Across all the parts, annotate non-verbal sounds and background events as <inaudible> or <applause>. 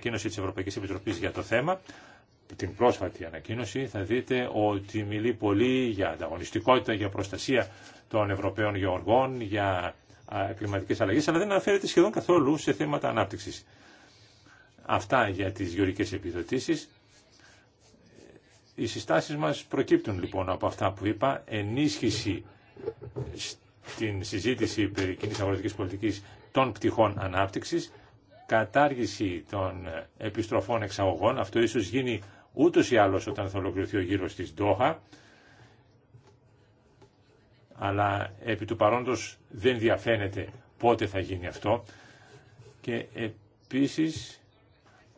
ανακοίνωση της Ευρωπαϊκής Επιτροπής για το θέμα, την πρόσφατη ανακοίνωση, θα δείτε ότι μιλεί πολύ για ανταγωνιστικότητα, για προστασία των Ευρωπαίων γεωργών, για κλιματικές αλλαγές, αλλά δεν αναφέρεται σχεδόν καθόλου σε θέματα ανάπτυξης. Αυτά για τις γεωργικές επιδοτήσεις. Οι συστάσεις μας προκύπτουν λοιπόν από αυτά που είπα, ενίσχυση στην συζήτηση περί κοινής αγροτικής πολιτικής των πτυχών ανάπτυξης, κατάργηση των επιστροφών εξαγωγών. Αυτό ίσως γίνει ούτως ή άλλως όταν θα ολοκληρωθεί ο γύρος της Ντόχα. Αλλά επί του παρόντος δεν διαφαίνεται πότε θα γίνει αυτό. Και επίσης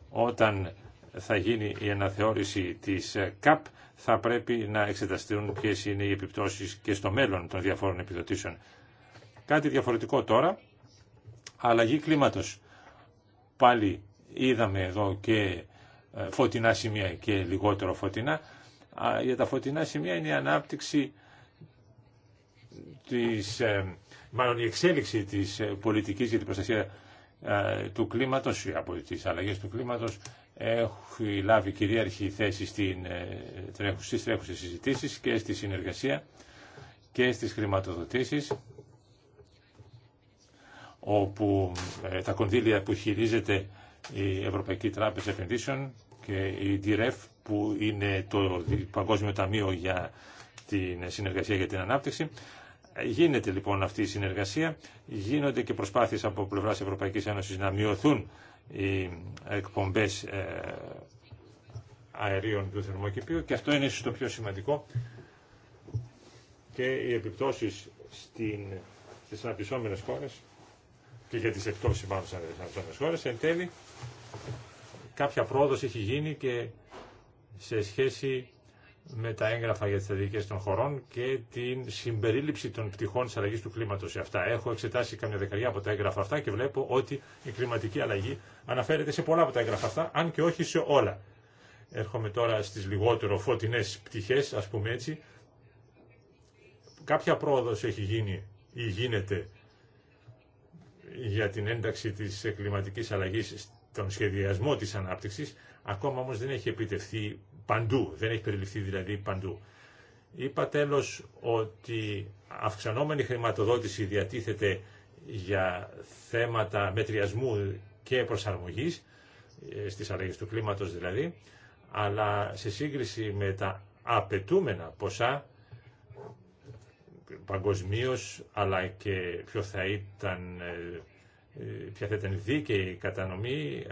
όταν θα γίνει η αναθεώρηση της ΚΑΠ θα πρέπει να εξεταστούν ποιες είναι οι επιπτώσεις και στο μέλλον των διαφόρων επιδοτήσεων. Κάτι διαφορετικό τώρα, αλλαγή κλίματος πάλι είδαμε εδώ και ε, φωτεινά σημεία και λιγότερο φωτεινά. Για τα φωτεινά σημεία είναι η ανάπτυξη της, ε, μάλλον η εξέλιξη της ε, πολιτικής για την προστασία του κλίματος, ή από τις αλλαγές του κλίματος, έχει λάβει κυρίαρχη θέση στην, στις τρέχουσες συζητήσεις και στη συνεργασία και στις χρηματοδοτήσεις όπου ε, τα κονδύλια που χειρίζεται η Ευρωπαϊκή Τράπεζα Επενδύσεων και η DREF που είναι το Παγκόσμιο Ταμείο για την Συνεργασία για την Ανάπτυξη. Γίνεται λοιπόν αυτή η συνεργασία, γίνονται και προσπάθειες από πλευράς Ευρωπαϊκής Ένωσης να μειωθούν οι εκπομπές ε, αερίων του θερμοκηπίου και αυτό είναι ίσως το πιο σημαντικό και οι επιπτώσεις στην, στις αναπτυσσόμενες χώρες και για τις εκτός μάλλον σε τις χώρες. Εν τέλει, κάποια πρόοδος έχει γίνει και σε σχέση με τα έγγραφα για τις θετικές των χωρών και την συμπερίληψη των πτυχών της αλλαγής του κλίματος σε αυτά. Έχω εξετάσει καμιά δεκαετία από τα έγγραφα αυτά και βλέπω ότι η κλιματική αλλαγή αναφέρεται σε πολλά από τα έγγραφα αυτά, αν και όχι σε όλα. Έρχομαι τώρα στις λιγότερο φωτεινές πτυχές, ας πούμε έτσι. Κάποια πρόοδο έχει γίνει ή γίνεται για την ένταξη της κλιματικής αλλαγής στον σχεδιασμό της ανάπτυξης, ακόμα όμως δεν έχει επιτευχθεί παντού, δεν έχει περιληφθεί δηλαδή παντού. Είπα τέλος ότι αυξανόμενη χρηματοδότηση διατίθεται για θέματα μετριασμού και προσαρμογής, ε, στις αλλαγές του κλίματος δηλαδή, αλλά σε σύγκριση με τα απαιτούμενα ποσά παγκοσμίω, αλλά και ποιο θα ήταν, ε, ε, ποια θα ήταν δίκαιη κατανομή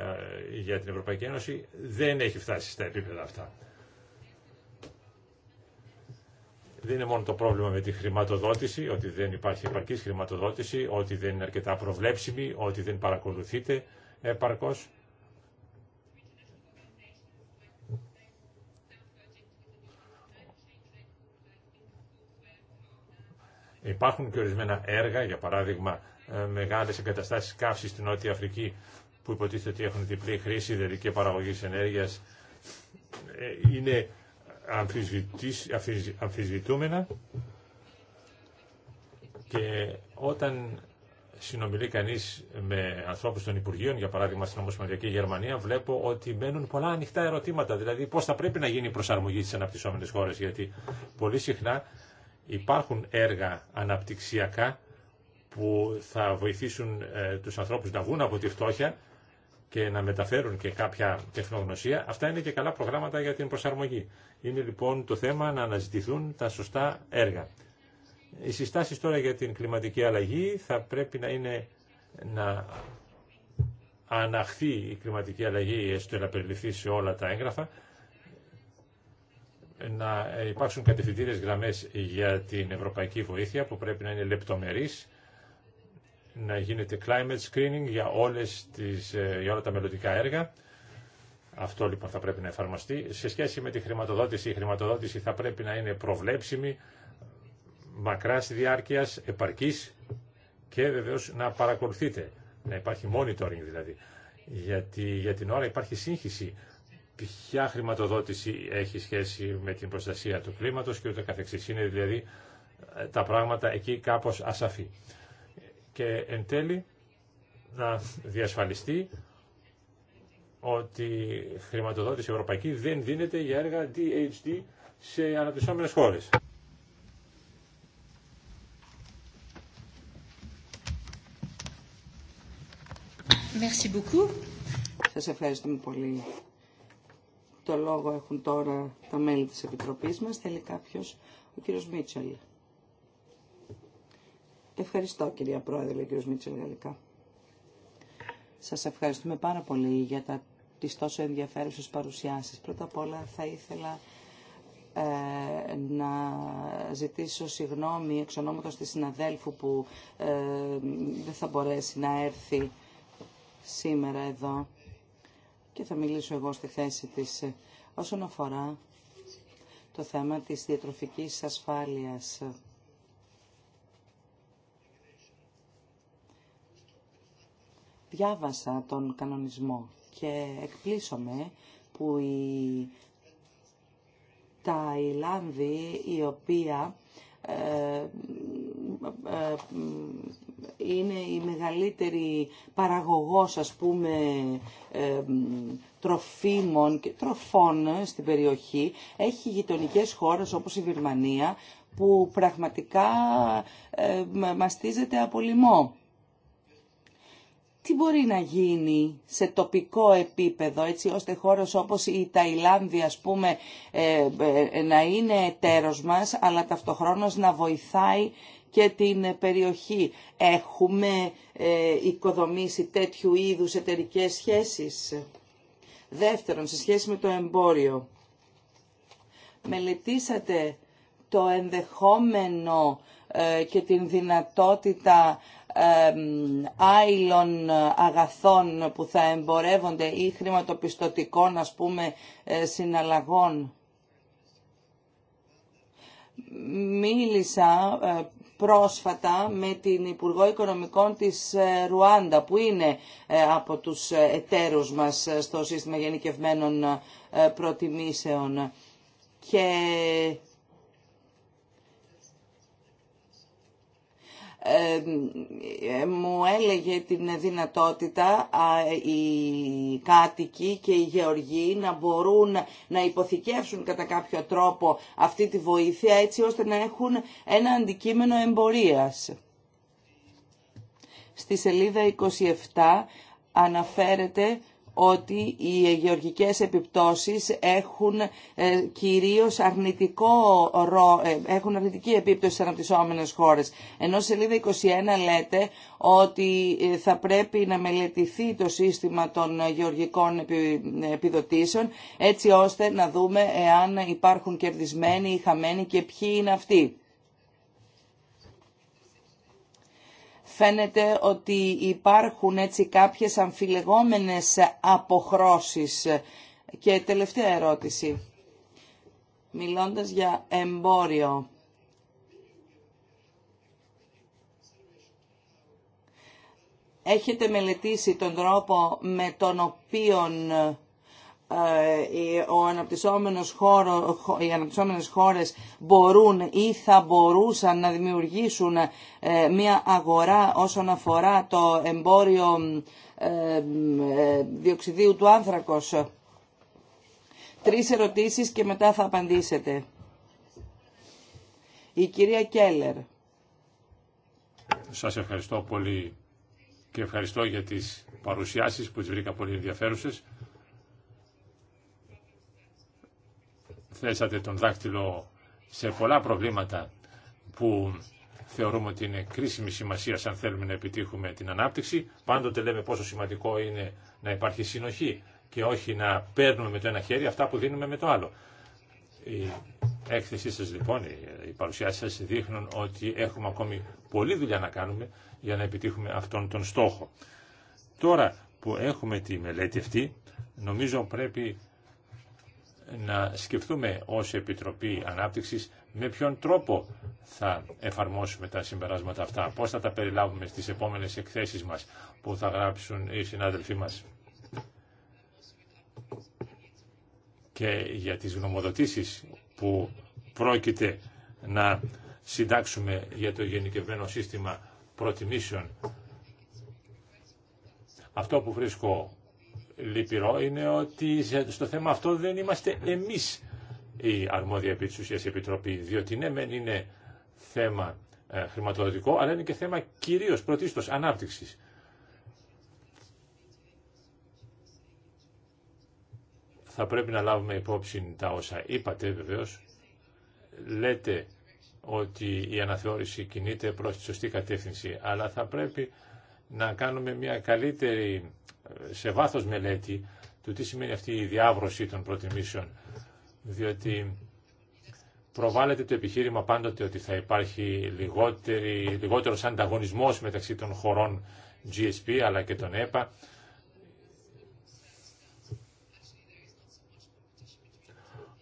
ε, για την Ευρωπαϊκή Ένωση, δεν έχει φτάσει στα επίπεδα αυτά. Δεν είναι μόνο το πρόβλημα με τη χρηματοδότηση, ότι δεν υπάρχει επαρκής χρηματοδότηση, ότι δεν είναι αρκετά προβλέψιμη, ότι δεν παρακολουθείται επαρκώς. Υπάρχουν και ορισμένα έργα, για παράδειγμα ε, μεγάλες εγκαταστάσεις καύση στην Νότια Αφρική που υποτίθεται ότι έχουν διπλή χρήση, δηλαδή και παραγωγής ενέργειας, ε, είναι αμφισβητούμενα και όταν συνομιλεί κανείς με ανθρώπους των Υπουργείων, για παράδειγμα στην Ομοσπονδιακή Γερμανία, βλέπω ότι μένουν πολλά ανοιχτά ερωτήματα, δηλαδή πώς θα πρέπει να γίνει η προσαρμογή στι αναπτυσσόμενες χώρες, γιατί πολύ συχνά Υπάρχουν έργα αναπτυξιακά που θα βοηθήσουν ε, τους ανθρώπους να βγουν από τη φτώχεια και να μεταφέρουν και κάποια τεχνογνωσία. Αυτά είναι και καλά προγράμματα για την προσαρμογή. Είναι λοιπόν το θέμα να αναζητηθούν τα σωστά έργα. Οι συστάσεις τώρα για την κλιματική αλλαγή θα πρέπει να είναι να αναχθεί η κλιματική αλλαγή έστω να περιληφθεί σε όλα τα έγγραφα να υπάρξουν κατευθυντήρες γραμμές για την ευρωπαϊκή βοήθεια που πρέπει να είναι λεπτομερής. να γίνεται climate screening για, όλες τις, ε, για όλα τα μελλοντικά έργα. Αυτό λοιπόν θα πρέπει να εφαρμοστεί. Σε σχέση με τη χρηματοδότηση, η χρηματοδότηση θα πρέπει να είναι προβλέψιμη, μακράς διάρκειας, επαρκής και βεβαίως να παρακολουθείτε, να υπάρχει monitoring δηλαδή. Γιατί για την ώρα υπάρχει σύγχυση ποια χρηματοδότηση έχει σχέση με την προστασία του κλίματος και ούτε καθεξής. Είναι δηλαδή ε, τα πράγματα εκεί κάπως ασαφή. Και εν τέλει να διασφαλιστεί ότι χρηματοδότηση ευρωπαϊκή δεν δίνεται για έργα DHD σε αναπτυσσόμενες χώρες. Σας ευχαριστούμε πολύ. Το λόγο έχουν τώρα τα μέλη της Επιτροπής μας. Θέλει κάποιος, ο κύριος Μίτσελ. Ευχαριστώ κυρία Πρόεδρε, ο κύριος Μίτσελ Γαλλικά. Σας ευχαριστούμε πάρα πολύ για τα, τις τόσο ενδιαφέρουσες παρουσιάσεις. Πρώτα απ' όλα θα ήθελα ε, να ζητήσω συγγνώμη εξ ονόματος της συναδέλφου που ε, δεν θα μπορέσει να έρθει σήμερα εδώ και θα μιλήσω εγώ στη θέση της ε, όσον αφορά το θέμα της διατροφικής ασφάλειας. Διάβασα τον κανονισμό και εκπλήσωμαι που η Ταϊλάνδη η οποία ε, ε, ε, είναι η μεγαλύτερη παραγωγός ας πούμε ε, τροφίμων και τροφών στην περιοχή. Έχει γειτονικέ χώρες όπως η Βυρμανία που πραγματικά μαστίζεται από λοιμό. Τι μπορεί να γίνει σε τοπικό επίπεδο έτσι ώστε χώρες όπως η Ταϊλάνδη ας πούμε να είναι εταίρος μας αλλά ταυτοχρόνως να βοηθάει και την ε, περιοχή. Έχουμε ε, οικοδομήσει τέτοιου είδους εταιρικέ σχέσεις. Δεύτερον, σε σχέση με το εμπόριο. Μελετήσατε το ενδεχόμενο ε, και την δυνατότητα άειλων αγαθών που θα εμπορεύονται ή χρηματοπιστωτικών ας πούμε συναλλαγών. Μίλησα πρόσφατα με την Υπουργό Οικονομικών της ε, Ρουάντα που είναι ε, από τους ε, εταίρους μας στο σύστημα γενικευμένων προτιμήσεων. Και Ε, μου έλεγε την δυνατότητα οι κάτοικοι και οι γεωργοί να μπορούν να υποθηκεύσουν κατά κάποιο τρόπο αυτή τη βοήθεια έτσι ώστε να έχουν ένα αντικείμενο εμπορίας. Στη σελίδα 27 αναφέρεται ότι οι γεωργικές επιπτώσεις έχουν ε, κυρίως αρνητικό ε, έχουν αρνητική επίπτωση στις αναπτυσσόμενες χώρες. Ενώ σελίδα 21 λέτε ότι ε, θα πρέπει να μελετηθεί το σύστημα των γεωργικών επιδοτήσεων έτσι ώστε να δούμε εάν υπάρχουν κερδισμένοι ή χαμένοι και ποιοι είναι αυτοί. φαίνεται ότι υπάρχουν έτσι κάποιες αμφιλεγόμενες αποχρώσεις. Και τελευταία ερώτηση, μιλώντας για εμπόριο. Έχετε μελετήσει τον τρόπο με τον οποίο ε, ο αναπτυσσόμενος χώρο, οι αναπτυσσόμενες χώρες μπορούν ή θα μπορούσαν να δημιουργήσουν ε, μια αγορά όσον αφορά το εμπόριο ε, διοξιδίου του άνθρακος. Τρεις ερωτήσεις και μετά θα απαντήσετε. Η κυρία Κέλλερ. Σας ευχαριστώ πολύ και ευχαριστώ για τις παρουσιάσεις που τις βρήκα πολύ ενδιαφέρουσες. θέσατε τον δάχτυλο σε πολλά προβλήματα που θεωρούμε ότι είναι κρίσιμη σημασία αν θέλουμε να επιτύχουμε την ανάπτυξη. Πάντοτε λέμε πόσο σημαντικό είναι να υπάρχει συνοχή και όχι να παίρνουμε με το ένα χέρι αυτά που δίνουμε με το άλλο. Η έκθεσή σας λοιπόν, η παρουσία σας δείχνουν ότι έχουμε ακόμη πολλή δουλειά να κάνουμε για να επιτύχουμε αυτόν τον στόχο. Τώρα που έχουμε τη μελέτη αυτή, νομίζω πρέπει να σκεφτούμε ως Επιτροπή Ανάπτυξης με ποιον τρόπο θα εφαρμόσουμε τα συμπεράσματα αυτά, πώς θα τα περιλάβουμε στις επόμενες εκθέσεις μας που θα γράψουν οι συνάδελφοί μας. Και για τις γνωμοδοτήσεις που πρόκειται να συντάξουμε για το γενικευμένο σύστημα προτιμήσεων. Αυτό που βρίσκω λυπηρό είναι ότι στο θέμα αυτό δεν είμαστε εμείς η αρμόδια επί της ουσίας επιτροπή, διότι ναι μεν είναι θέμα ε, χρηματοδοτικό, αλλά είναι και θέμα κυρίως πρωτίστως ανάπτυξης. Θα πρέπει να λάβουμε υπόψη τα όσα είπατε βεβαίως. Λέτε ότι η αναθεώρηση κινείται προς τη σωστή κατεύθυνση, αλλά θα πρέπει να κάνουμε μια καλύτερη σε βάθος μελέτη του τι σημαίνει αυτή η διάβρωση των προτιμήσεων. Διότι προβάλλεται το επιχείρημα πάντοτε ότι θα υπάρχει λιγότερη, λιγότερος ανταγωνισμός μεταξύ των χωρών GSP αλλά και των ΕΠΑ.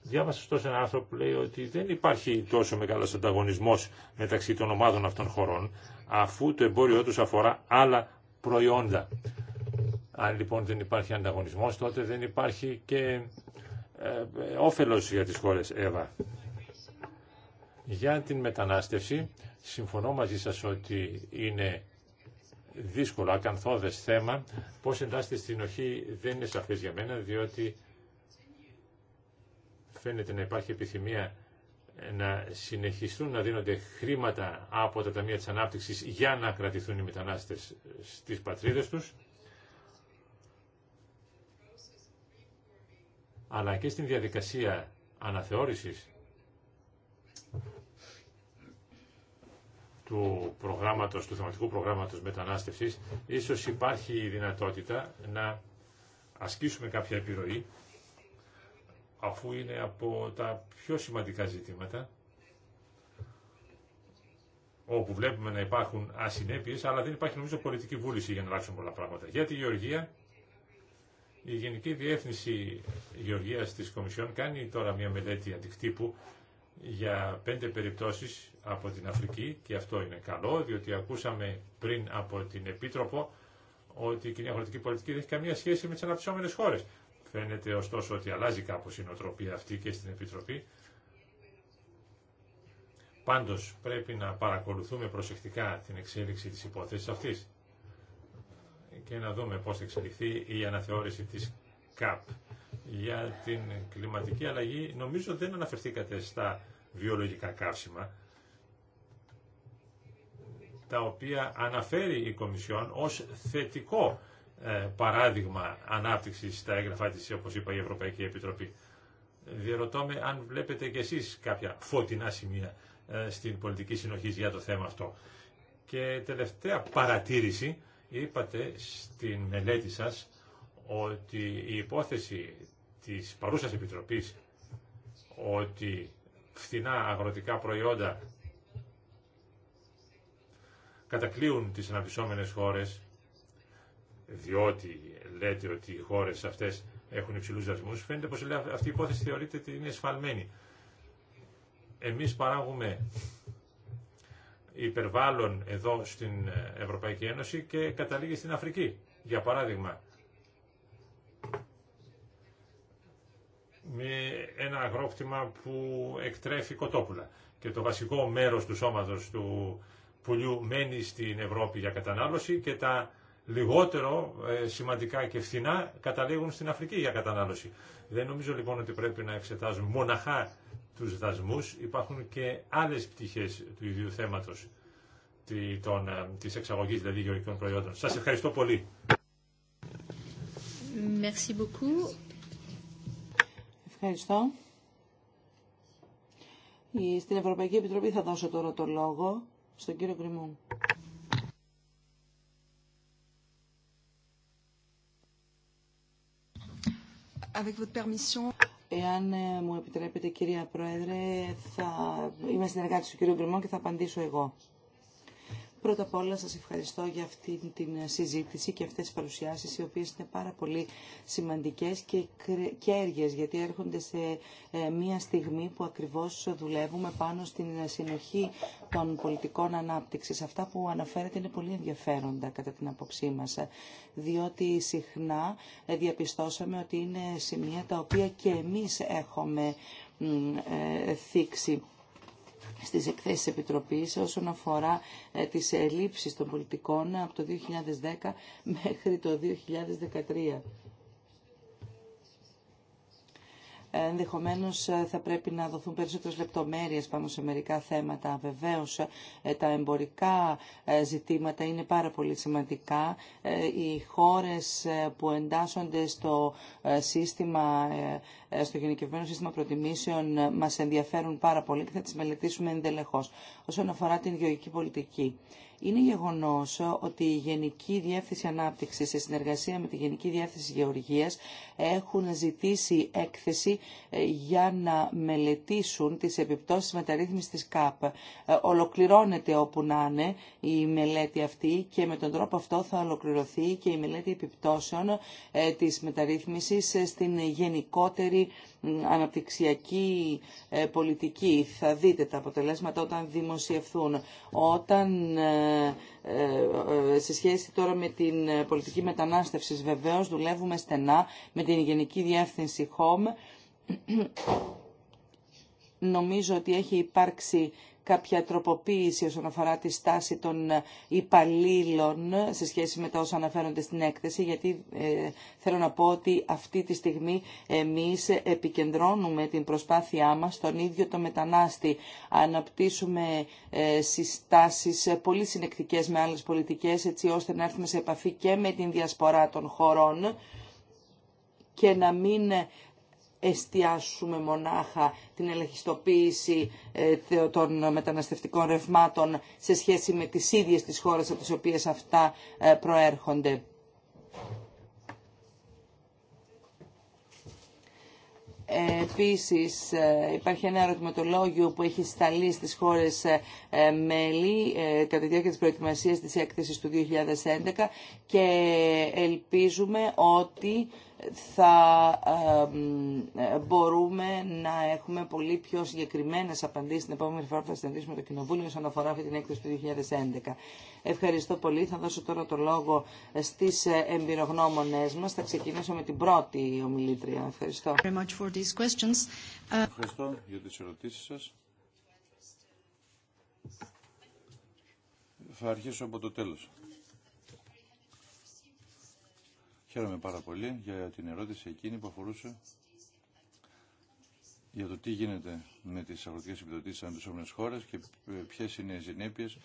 Διάβασα ωστόσο ένα άνθρωπο που λέει ότι δεν υπάρχει τόσο μεγάλος ανταγωνισμός μεταξύ των ομάδων αυτών χωρών αφού το εμπόριό του αφορά άλλα προϊόντα. Αν λοιπόν δεν υπάρχει ανταγωνισμός, τότε δεν υπάρχει και ε, ε, όφελος για τις χώρες ΕΒΑ. Για την μετανάστευση, συμφωνώ μαζί σας ότι είναι δύσκολο, ακαθόδες θέμα. Πώς εντάσσεται στην οχή δεν είναι σαφές για μένα, διότι φαίνεται να υπάρχει επιθυμία να συνεχιστούν να δίνονται χρήματα από τα Ταμεία της Ανάπτυξης για να κρατηθούν οι μετανάστες στις πατρίδες τους. αλλά και στην διαδικασία αναθεώρησης του προγράμματος, του θεματικού προγράμματος μετανάστευσης, ίσως υπάρχει η δυνατότητα να ασκήσουμε κάποια επιρροή, αφού είναι από τα πιο σημαντικά ζητήματα, όπου βλέπουμε να υπάρχουν ασυνέπειες, αλλά δεν υπάρχει νομίζω πολιτική βούληση για να αλλάξουν πολλά πράγματα. Για τη γεωργία, η Γενική Διεύθυνση Γεωργίας της Κομισιόν κάνει τώρα μια μελέτη αντικτύπου για πέντε περιπτώσεις από την Αφρική και αυτό είναι καλό διότι ακούσαμε πριν από την Επίτροπο ότι η κοινή αγροτική πολιτική δεν έχει καμία σχέση με τις αναπτυσσόμενες χώρες. Φαίνεται ωστόσο ότι αλλάζει κάπως η νοοτροπία αυτή και στην Επιτροπή. Πάντως πρέπει να παρακολουθούμε προσεκτικά την εξέλιξη της υπόθεσης αυτής και να δούμε πώς θα εξελιχθεί η αναθεώρηση της ΚΑΠ. Για την κλιματική αλλαγή νομίζω δεν αναφερθήκατε στα βιολογικά καύσιμα, τα οποία αναφέρει η Κομισιόν ως θετικό ε, παράδειγμα ανάπτυξης στα έγγραφά της, όπως είπα, η Ευρωπαϊκή Επιτροπή. Διερωτώ αν βλέπετε κι εσείς κάποια φωτεινά σημεία ε, στην πολιτική συνοχή για το θέμα αυτό. Και τελευταία παρατήρηση είπατε στην μελέτη σας ότι η υπόθεση της παρούσας επιτροπής ότι φθηνά αγροτικά προϊόντα κατακλείουν τις αναπτυσσόμενες χώρες διότι λέτε ότι οι χώρες αυτές έχουν υψηλούς δασμούς, φαίνεται πως αυτή η υπόθεση θεωρείται ότι είναι εσφαλμένη. Εμείς παράγουμε υπερβάλλον εδώ στην Ευρωπαϊκή Ένωση και καταλήγει στην Αφρική, για παράδειγμα. με ένα αγρόκτημα που εκτρέφει κοτόπουλα. Και το βασικό μέρος του σώματος του πουλιού μένει στην Ευρώπη για κατανάλωση και τα λιγότερο ε, σημαντικά και φθηνά καταλήγουν στην Αφρική για κατανάλωση. Δεν νομίζω λοιπόν ότι πρέπει να εξετάζουμε μοναχά τους δασμούς υπάρχουν και άλλες πτυχές του ίδιου θέματος ε, της εξαγωγής δηλαδή γεωργικών προϊόντων. Σας ευχαριστώ πολύ. Merci beaucoup. Ευχαριστώ. Στην Ευρωπαϊκή Επιτροπή θα δώσω τώρα το λόγο στον κύριο Γκριμούν. Avec votre permission. Εάν ε, μου επιτρέπετε κυρία Πρόεδρε, θα... είμαι συνεργάτης του κυρίου Γκριμό και θα απαντήσω εγώ. Πρώτα απ' όλα σας ευχαριστώ για αυτή την συζήτηση και αυτές τις παρουσιάσεις οι οποίες είναι πάρα πολύ σημαντικές και κέρδιες γιατί έρχονται σε ε, μια στιγμή που ακριβώς δουλεύουμε πάνω στην συνοχή των πολιτικών ανάπτυξης. Αυτά που αναφέρετε είναι πολύ ενδιαφέροντα κατά την απόψή μας διότι συχνά ε, διαπιστώσαμε ότι είναι σημεία τα οποία και εμείς έχουμε ε, θίξει στις εκθέσεις Επιτροπής όσον αφορά ε, τις ελλείψεις των πολιτικών από το 2010 μέχρι το 2013. Ενδεχομένω ε, θα πρέπει να δοθούν περισσότερες λεπτομέρειες πάνω σε μερικά θέματα. Βεβαίω, ε, τα εμπορικά ε, ζητήματα είναι πάρα πολύ σημαντικά. Οι χώρες που εντάσσονται στο σύστημα, στο γενικευμένο σύστημα προτιμήσεων μας ενδιαφέρουν πάρα πολύ και θα τι μελετήσουμε εντελεχώς. Όσον αφορά την γεωργική πολιτική. Είναι γεγονός ότι η Γενική Διεύθυνση Ανάπτυξης σε συνεργασία με τη Γενική Διεύθυνση Γεωργίας έχουν ζητήσει έκθεση ε, για να μελετήσουν τις επιπτώσεις μεταρρύθμισης της ΚΑΠ. Ε, ολοκληρώνεται όπου να είναι η μελέτη αυτή και με τον τρόπο αυτό θα ολοκληρωθεί και η μελέτη επιπτώσεων ε, της μεταρρύθμισης στην γενικότερη αναπτυξιακή ε, πολιτική. Θα δείτε τα αποτελέσματα όταν δημοσιευθούν. Όταν ε, ε, σε σχέση τώρα με την πολιτική μετανάστευσης βεβαίως δουλεύουμε στενά με την Γενική Διεύθυνση HOME. Νομίζω ότι έχει υπάρξει κάποια τροποποίηση όσον αφορά τη στάση των υπαλλήλων σε σχέση με τα όσα αναφέρονται στην έκθεση, γιατί ε, θέλω να πω ότι αυτή τη στιγμή εμείς επικεντρώνουμε την προσπάθειά μας στον ίδιο το μετανάστη. Αναπτύσσουμε ε, συστάσεις πολύ συνεκτικές με άλλες πολιτικές, έτσι ώστε να έρθουμε σε επαφή και με την διασπορά των χωρών και να μην εστιάσουμε μονάχα την ελεγχιστοποίηση ε, των μεταναστευτικών ρευμάτων σε σχέση με τις ίδιες τις χώρες από τις οποίες αυτά ε, προέρχονται. Επίσης ε, υπάρχει ένα ερωτηματολόγιο που έχει σταλεί στις χώρες μέλη κατά τη διάρκεια της προετοιμασίας της έκθεσης του 2011 και ελπίζουμε ότι θα μπορούμε να έχουμε πολύ πιο συγκεκριμένε απαντήσει την επόμενη φορά που θα συναντήσουμε το Κοινοβούλιο όσον αφορά αυτή την έκθεση του 2011. Ευχαριστώ πολύ. Θα δώσω τώρα το λόγο στι ε, εμπειρογνώμονέ μα. Θα ξεκινήσω με την πρώτη ομιλήτρια. Ευχαριστώ. Uh, Ευχαριστώ για τι ερωτήσει σα. Θα αρχίσω από το τέλος. Χαίρομαι πάρα πολύ για την ερώτηση εκείνη που αφορούσε για το τι γίνεται με τις αγροτικές επιδοτήσεις αντισόμενες χώρες και ποιες είναι οι συνέπειες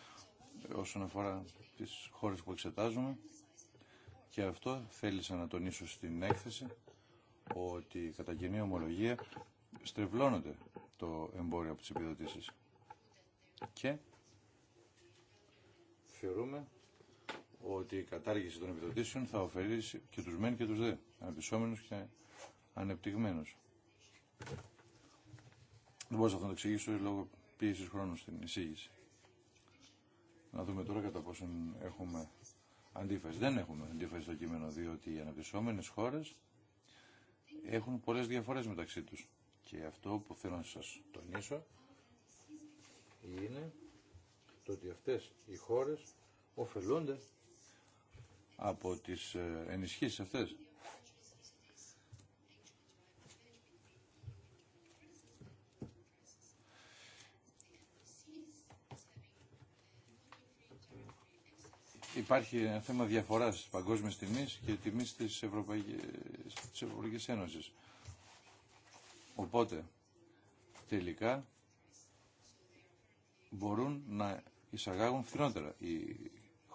όσον αφορά τις χώρες που εξετάζουμε. Και αυτό θέλησα να τονίσω στην έκθεση ότι κατά κοινή ομολογία στρεβλώνονται το εμπόριο από τις επιδοτήσεις. Και θεωρούμε ότι η κατάργηση των επιδοτήσεων θα ωφελήσει και τους μεν και τους δε, αναπτυσσόμενους και ανεπτυγμένους. Δεν μπορώ να το εξηγήσω λόγω πίεσης χρόνου στην εισήγηση. Να δούμε τώρα κατά πόσον έχουμε αντίφαση. Δεν έχουμε αντίφαση στο κείμενο, διότι οι αναπτυσσόμενες χώρες έχουν πολλές διαφορές μεταξύ τους. Και αυτό που θέλω να σας τονίσω είναι το ότι αυτές οι χώρες ωφελούνται από τις ε, ενισχύσεις αυτές. Υπάρχει ένα θέμα διαφοράς της παγκόσμιας τιμής και τιμής της Ευρωπαϊκής, της Ευρωπαϊκής Ένωσης. Οπότε, τελικά, μπορούν να εισαγάγουν φθηνότερα οι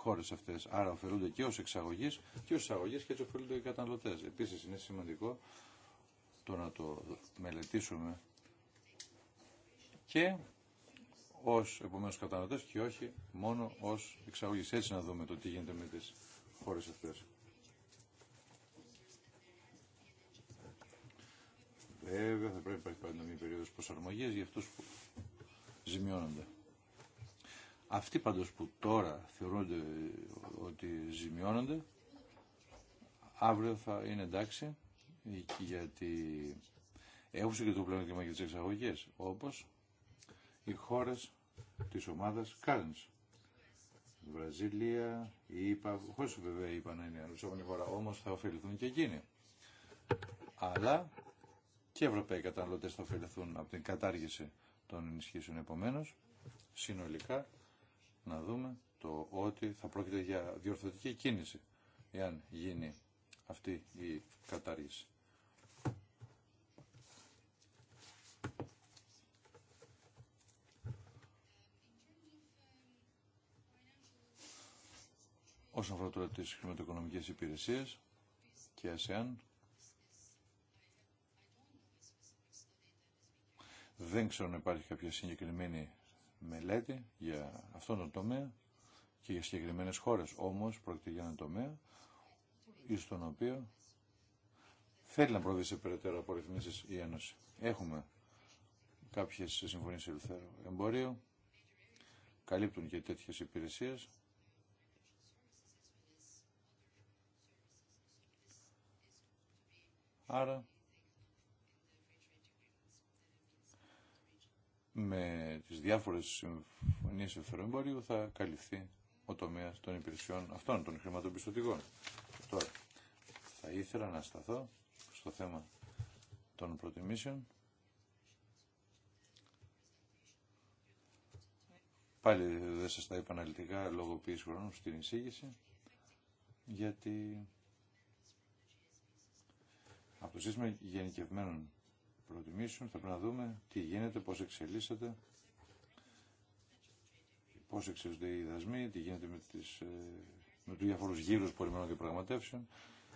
χώρε αυτέ. Άρα ωφελούνται και ω εξαγωγή και ω εισαγωγή και έτσι ωφελούνται οι καταναλωτέ. Επίση είναι σημαντικό το να το μελετήσουμε και ω επομένω καταναλωτέ και όχι μόνο ω εξαγωγή. Έτσι να δούμε το τι γίνεται με τι χώρε αυτέ. Βέβαια θα πρέπει να υπάρχει μια περίοδο προσαρμογής για αυτούς που ζημιώνονται. Αυτοί πάντως που τώρα θεωρούνται ότι ζημιώνονται, αύριο θα είναι εντάξει, γιατί έχουν το πλεονέκτημα για τις εξαγωγές, όπως οι χώρες της ομάδας Κάρνς. Βραζίλια, η ΙΠΑ, χωρίς βέβαια η να είναι ανοσόμενη χώρα, όμως θα ωφεληθούν και εκείνοι. Αλλά και οι Ευρωπαίοι καταναλωτές θα ωφεληθούν από την κατάργηση των ενισχύσεων επομένως, συνολικά να δούμε το ότι θα πρόκειται για διορθωτική κίνηση εάν γίνει αυτή η κατάργηση. Όσον αφορά τώρα τις χρηματοοικονομικές υπηρεσίες και ΑΣΕΑΝ δεν ξέρω αν υπάρχει κάποια συγκεκριμένη μελέτη για αυτόν τον τομέα και για συγκεκριμένε χώρες. Όμως πρόκειται για έναν τομέα στον οποίο θέλει να προβεί σε περαιτέρω απορριθμίσει η Ένωση. Έχουμε κάποιες συμφωνίε ελευθέρω εμπορίου, καλύπτουν και τέτοιες υπηρεσίες. Άρα με τις διάφορες συμφωνίες ευθερόμπαριου θα καλυφθεί ο τομέας των υπηρεσιών αυτών, των χρηματοπιστωτικών. Τώρα, θα ήθελα να σταθώ στο θέμα των προτιμήσεων. Πάλι δεν σας τα είπα αναλυτικά λόγω ποιης χρόνου στην εισήγηση, γιατί από το σύστημα γενικευμένων προτιμήσουν, θα πρέπει να δούμε τι γίνεται, πώς εξελίσσεται, πώς εξελίσσονται οι δασμοί, τι γίνεται με, τις, ε, με τους διαφορούς γύρους και διαπραγματεύσεων.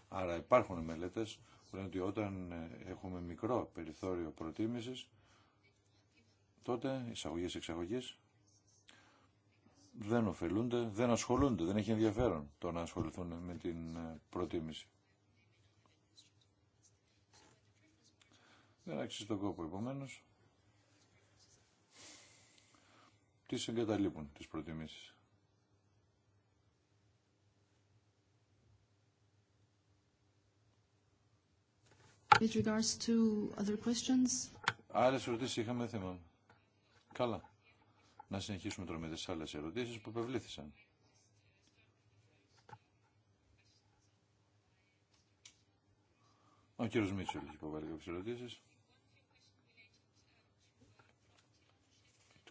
Άρα υπάρχουν μελέτες που λένε ότι όταν ε, έχουμε μικρό περιθώριο προτίμησης, τότε εισαγωγές εξαγωγές δεν ωφελούνται, δεν ασχολούνται, δεν έχει ενδιαφέρον το να ασχοληθούν με την ε, προτίμηση. Δεν άξιζε τον κόπο επομένω. Τι εγκαταλείπουν τις προτιμήσεις. With regards to other questions. Άλλες ερωτήσεις είχαμε θέμα. Καλά. Να συνεχίσουμε τώρα με τις άλλες ερωτήσεις που επευλήθησαν. Ο κύριος Μίτσελ έχει υποβάλει κάποιες ερωτήσεις.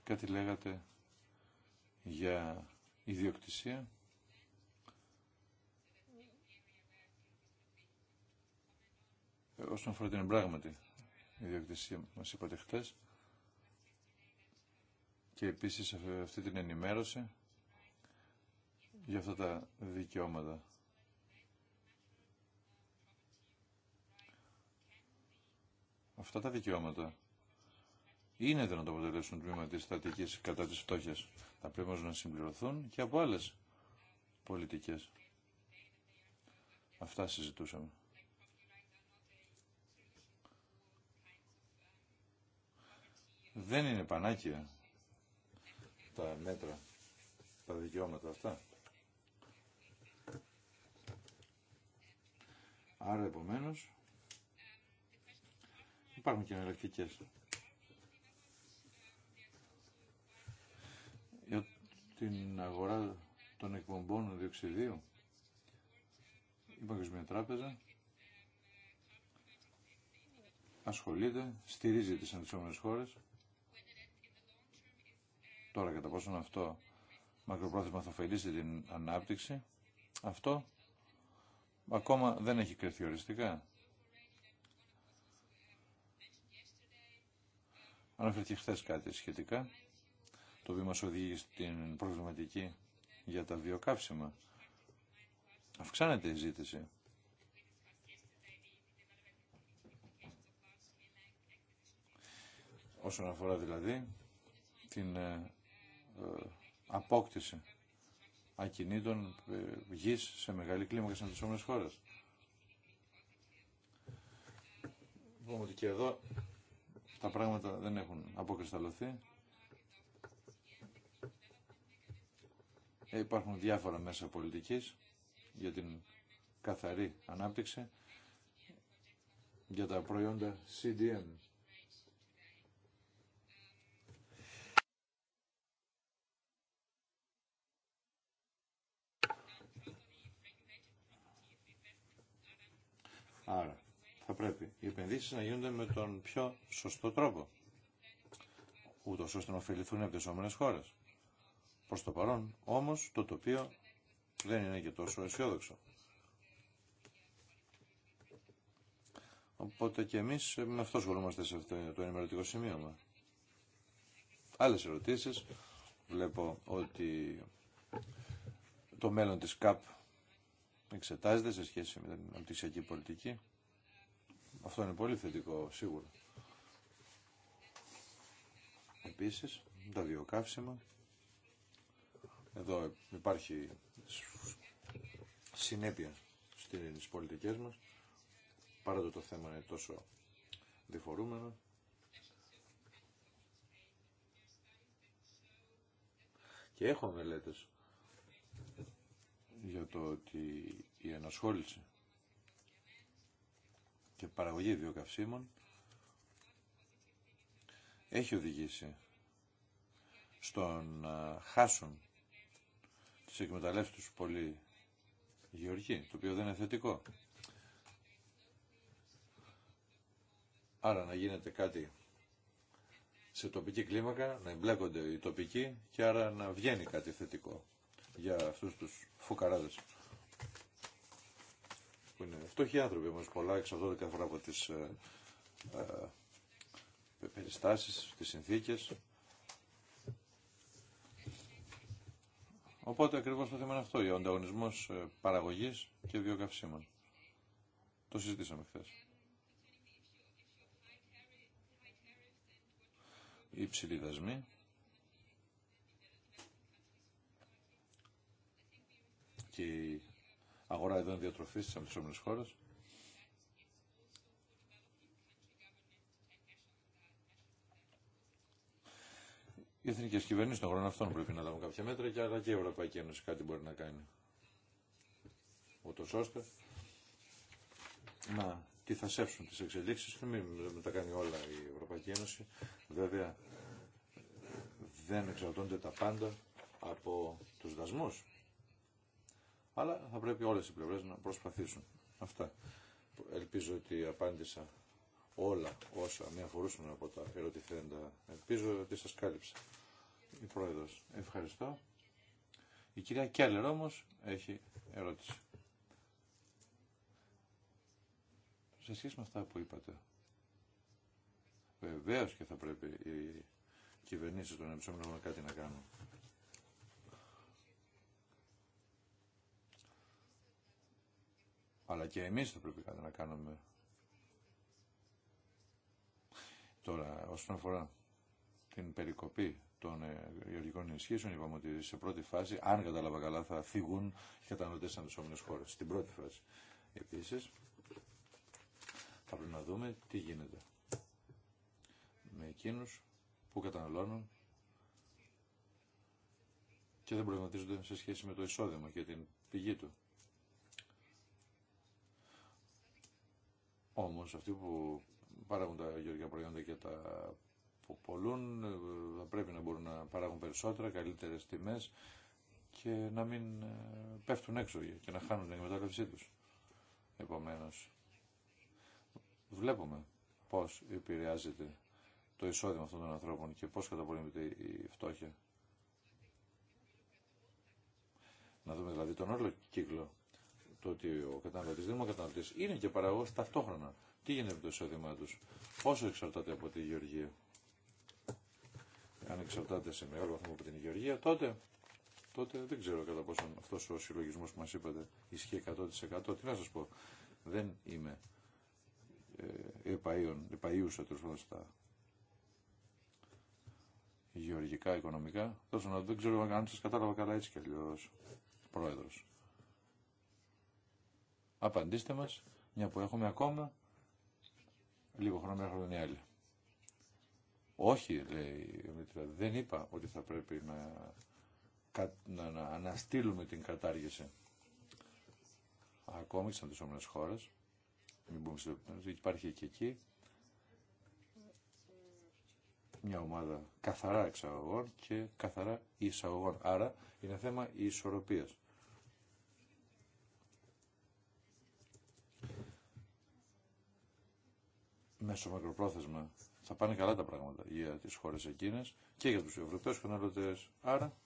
Κάτι λέγατε για ιδιοκτησία. Όσον αφορά την εμπράγματη ιδιοκτησία, μας είπατε χτες. Και επίσης αυτή την ενημέρωση για αυτά τα δικαιώματα. Αυτά τα δικαιώματα είναι δυνατόν να αποτελέσουν τμήμα τη στρατηγική κατά τη φτώχεια. Θα πρέπει να συμπληρωθούν και από άλλε πολιτικέ. Αυτά συζητούσαμε. Δεν είναι πανάκια τα μέτρα, τα δικαιώματα αυτά. Άρα, επομένως, υπάρχουν και εναλλακτικές. στην αγορά των εκπομπών διοξιδίου. Η Παγκοσμία Τράπεζα ασχολείται, στηρίζει τις αντισόμενες χώρες. Τώρα κατά πόσον αυτό μακροπρόθεσμα θα ωφελήσει την ανάπτυξη, αυτό ακόμα δεν έχει κρυφθεί οριστικά. Αναφέρθηκε χθε κάτι σχετικά το οποίο μας οδηγεί στην προβληματική για τα βιοκάψιμα, Αυξάνεται η ζήτηση. Όσον αφορά δηλαδή την ε, ε, απόκτηση ακινήτων ε, γης σε μεγάλη κλίμακα στις αντισόμενες χώρες. Βλέπουμε ότι και εδώ τα πράγματα δεν έχουν αποκρισταλωθεί. Ε, υπάρχουν διάφορα μέσα πολιτικής για την καθαρή ανάπτυξη για τα προϊόντα CDM. Άρα, θα πρέπει οι επενδύσεις να γίνονται με τον πιο σωστό τρόπο, ούτως ώστε να ωφεληθούν οι χώρες. Προς το παρόν όμως το τοπίο δεν είναι και τόσο αισιόδοξο. Οπότε και εμείς με αυτό ασχολούμαστε σε αυτό το ενημερωτικό σημείωμα. Άλλες ερωτήσεις. Βλέπω ότι το μέλλον της ΚΑΠ εξετάζεται σε σχέση με την αναπτυξιακή πολιτική. Αυτό είναι πολύ θετικό σίγουρα. Επίσης, τα βιοκαύσιμα εδώ υπάρχει συνέπεια στις πολιτικές μας, παρά το το θέμα είναι τόσο διφορούμενο. Και έχω μελέτες για το ότι η ενασχόληση και παραγωγή βιοκαυσίμων έχει οδηγήσει στο να χάσουν σε εκμεταλλεύσει τους πολύ γεωργοί, το οποίο δεν είναι θετικό. Άρα να γίνεται κάτι σε τοπική κλίμακα, να εμπλέκονται οι τοπικοί και άρα να βγαίνει κάτι θετικό για αυτούς τους φουκαράδες που είναι φτωχοί άνθρωποι όμως πολλά εξαρτώνται κάθε φορά από τις ε, ε, περιστάσεις, τις συνθήκες Οπότε ακριβώς το θέμα είναι αυτό, ο ανταγωνισμός ε, παραγωγής και βιοκαυσίμων. Το συζητήσαμε χθε. Οι υψηλοί δασμοί. Και η αγορά ειδών διατροφής στις αμπλησόμενες χώρες. Οι εθνικέ κυβερνήσει των χρόνων αυτών πρέπει να λάβουν κάποια μέτρα και και η Ευρωπαϊκή Ένωση κάτι μπορεί να κάνει. Ούτω ώστε να τι θα σέψουν τι εξελίξει και μην τα κάνει όλα η Ευρωπαϊκή Ένωση. Βέβαια δεν εξαρτώνται τα πάντα από τους δασμού, Αλλά θα πρέπει όλε οι πλευρέ να προσπαθήσουν. Αυτά. Ελπίζω ότι απάντησα όλα όσα με αφορούσαν από τα ερωτηθέντα. Ελπίζω ότι σας κάλυψε Η Πρόεδρος, ευχαριστώ. Η κυρία Κέλλερ όμως έχει ερώτηση. Σε σχέση με αυτά που είπατε, Βεβαίω και θα πρέπει οι κυβερνήσει των να κάτι να κάνουν. Αλλά και εμείς θα πρέπει κάτι να κάνουμε Τώρα, όσον αφορά την περικοπή των ε, γεωργικών ενισχύσεων, είπαμε ότι σε πρώτη φάση, αν κατάλαβα καλά, θα φύγουν οι καταναλωτέ τη χώρε. Στην πρώτη φάση. Επίση, θα πρέπει να δούμε τι γίνεται με εκείνου που καταναλώνουν και δεν προβληματίζονται σε σχέση με το εισόδημα και την πηγή του. Όμως αυτοί που παράγουν τα γεωργικά προϊόντα και τα που πολλούν, ε, θα πρέπει να μπορούν να παράγουν περισσότερα, καλύτερες τιμές και να μην ε, πέφτουν έξω και να χάνουν την εκμετάλλευσή τους. Επομένως, βλέπουμε πώς επηρεάζεται το εισόδημα αυτών των ανθρώπων και πώς καταπολεμείται η φτώχεια. Να δούμε δηλαδή τον όλο κύκλο, το ότι ο καταναλωτής δεν είναι ο καταναλωτής, είναι και παραγωγός ταυτόχρονα. Τι γίνεται με το εισόδημά του, πόσο εξαρτάται από τη γεωργία. Αν εξαρτάται σε μεγάλο βαθμό από την γεωργία, τότε, τότε δεν ξέρω κατά πόσο αυτό ο συλλογισμό που μα είπατε ισχύει 100%. Τι να σα πω, δεν είμαι ε, επαίων, επαίουσα στα γεωργικά, οικονομικά. Τόσο δεν ξέρω αν σα κατάλαβα καλά έτσι κι αλλιώ. Πρόεδρο. Απαντήστε μας, μια που έχουμε ακόμα λίγο χρόνο μέχρι χρόνο άλλη. Όχι, λέει η Μητρία, δεν είπα ότι θα πρέπει να, να, αναστείλουμε την κατάργηση. Ακόμη και στι αντισώμενε χώρες, μην πούμε υπάρχει και εκεί μια ομάδα καθαρά εξαγωγών και καθαρά εισαγωγών. Άρα είναι θέμα ισορροπίας. μέσω μακροπρόθεσμα θα πάνε καλά τα πράγματα για τις χώρες εκείνες και για τους Ευρωπαίου καταναλωτέ. Άρα,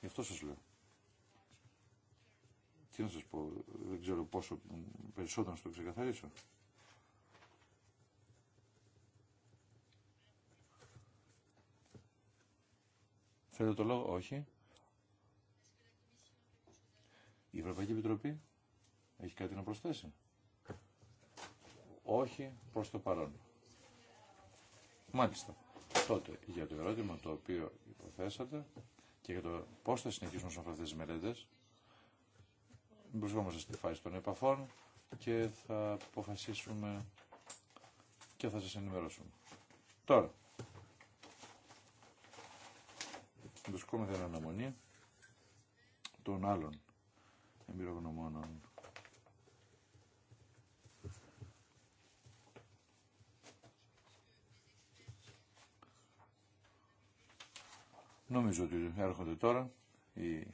γι' αυτό σας λέω. Τι να σα πω, δεν ξέρω πόσο περισσότερο να το ξεκαθαρίσω. Θέλετε το λόγο, όχι. Η Ευρωπαϊκή Επιτροπή έχει κάτι να προσθέσει όχι προς το παρόν. Μάλιστα. Τότε για το ερώτημα το οποίο υποθέσατε και για το πώς θα συνεχίσουμε σε αυτές τις μελέτες βρισκόμαστε στη φάση των επαφών και θα αποφασίσουμε και θα σας ενημερώσουμε. Τώρα, βρισκόμαστε την αναμονή των άλλων εμπειρογνωμόνων Νομίζω ότι έρχονται τώρα οι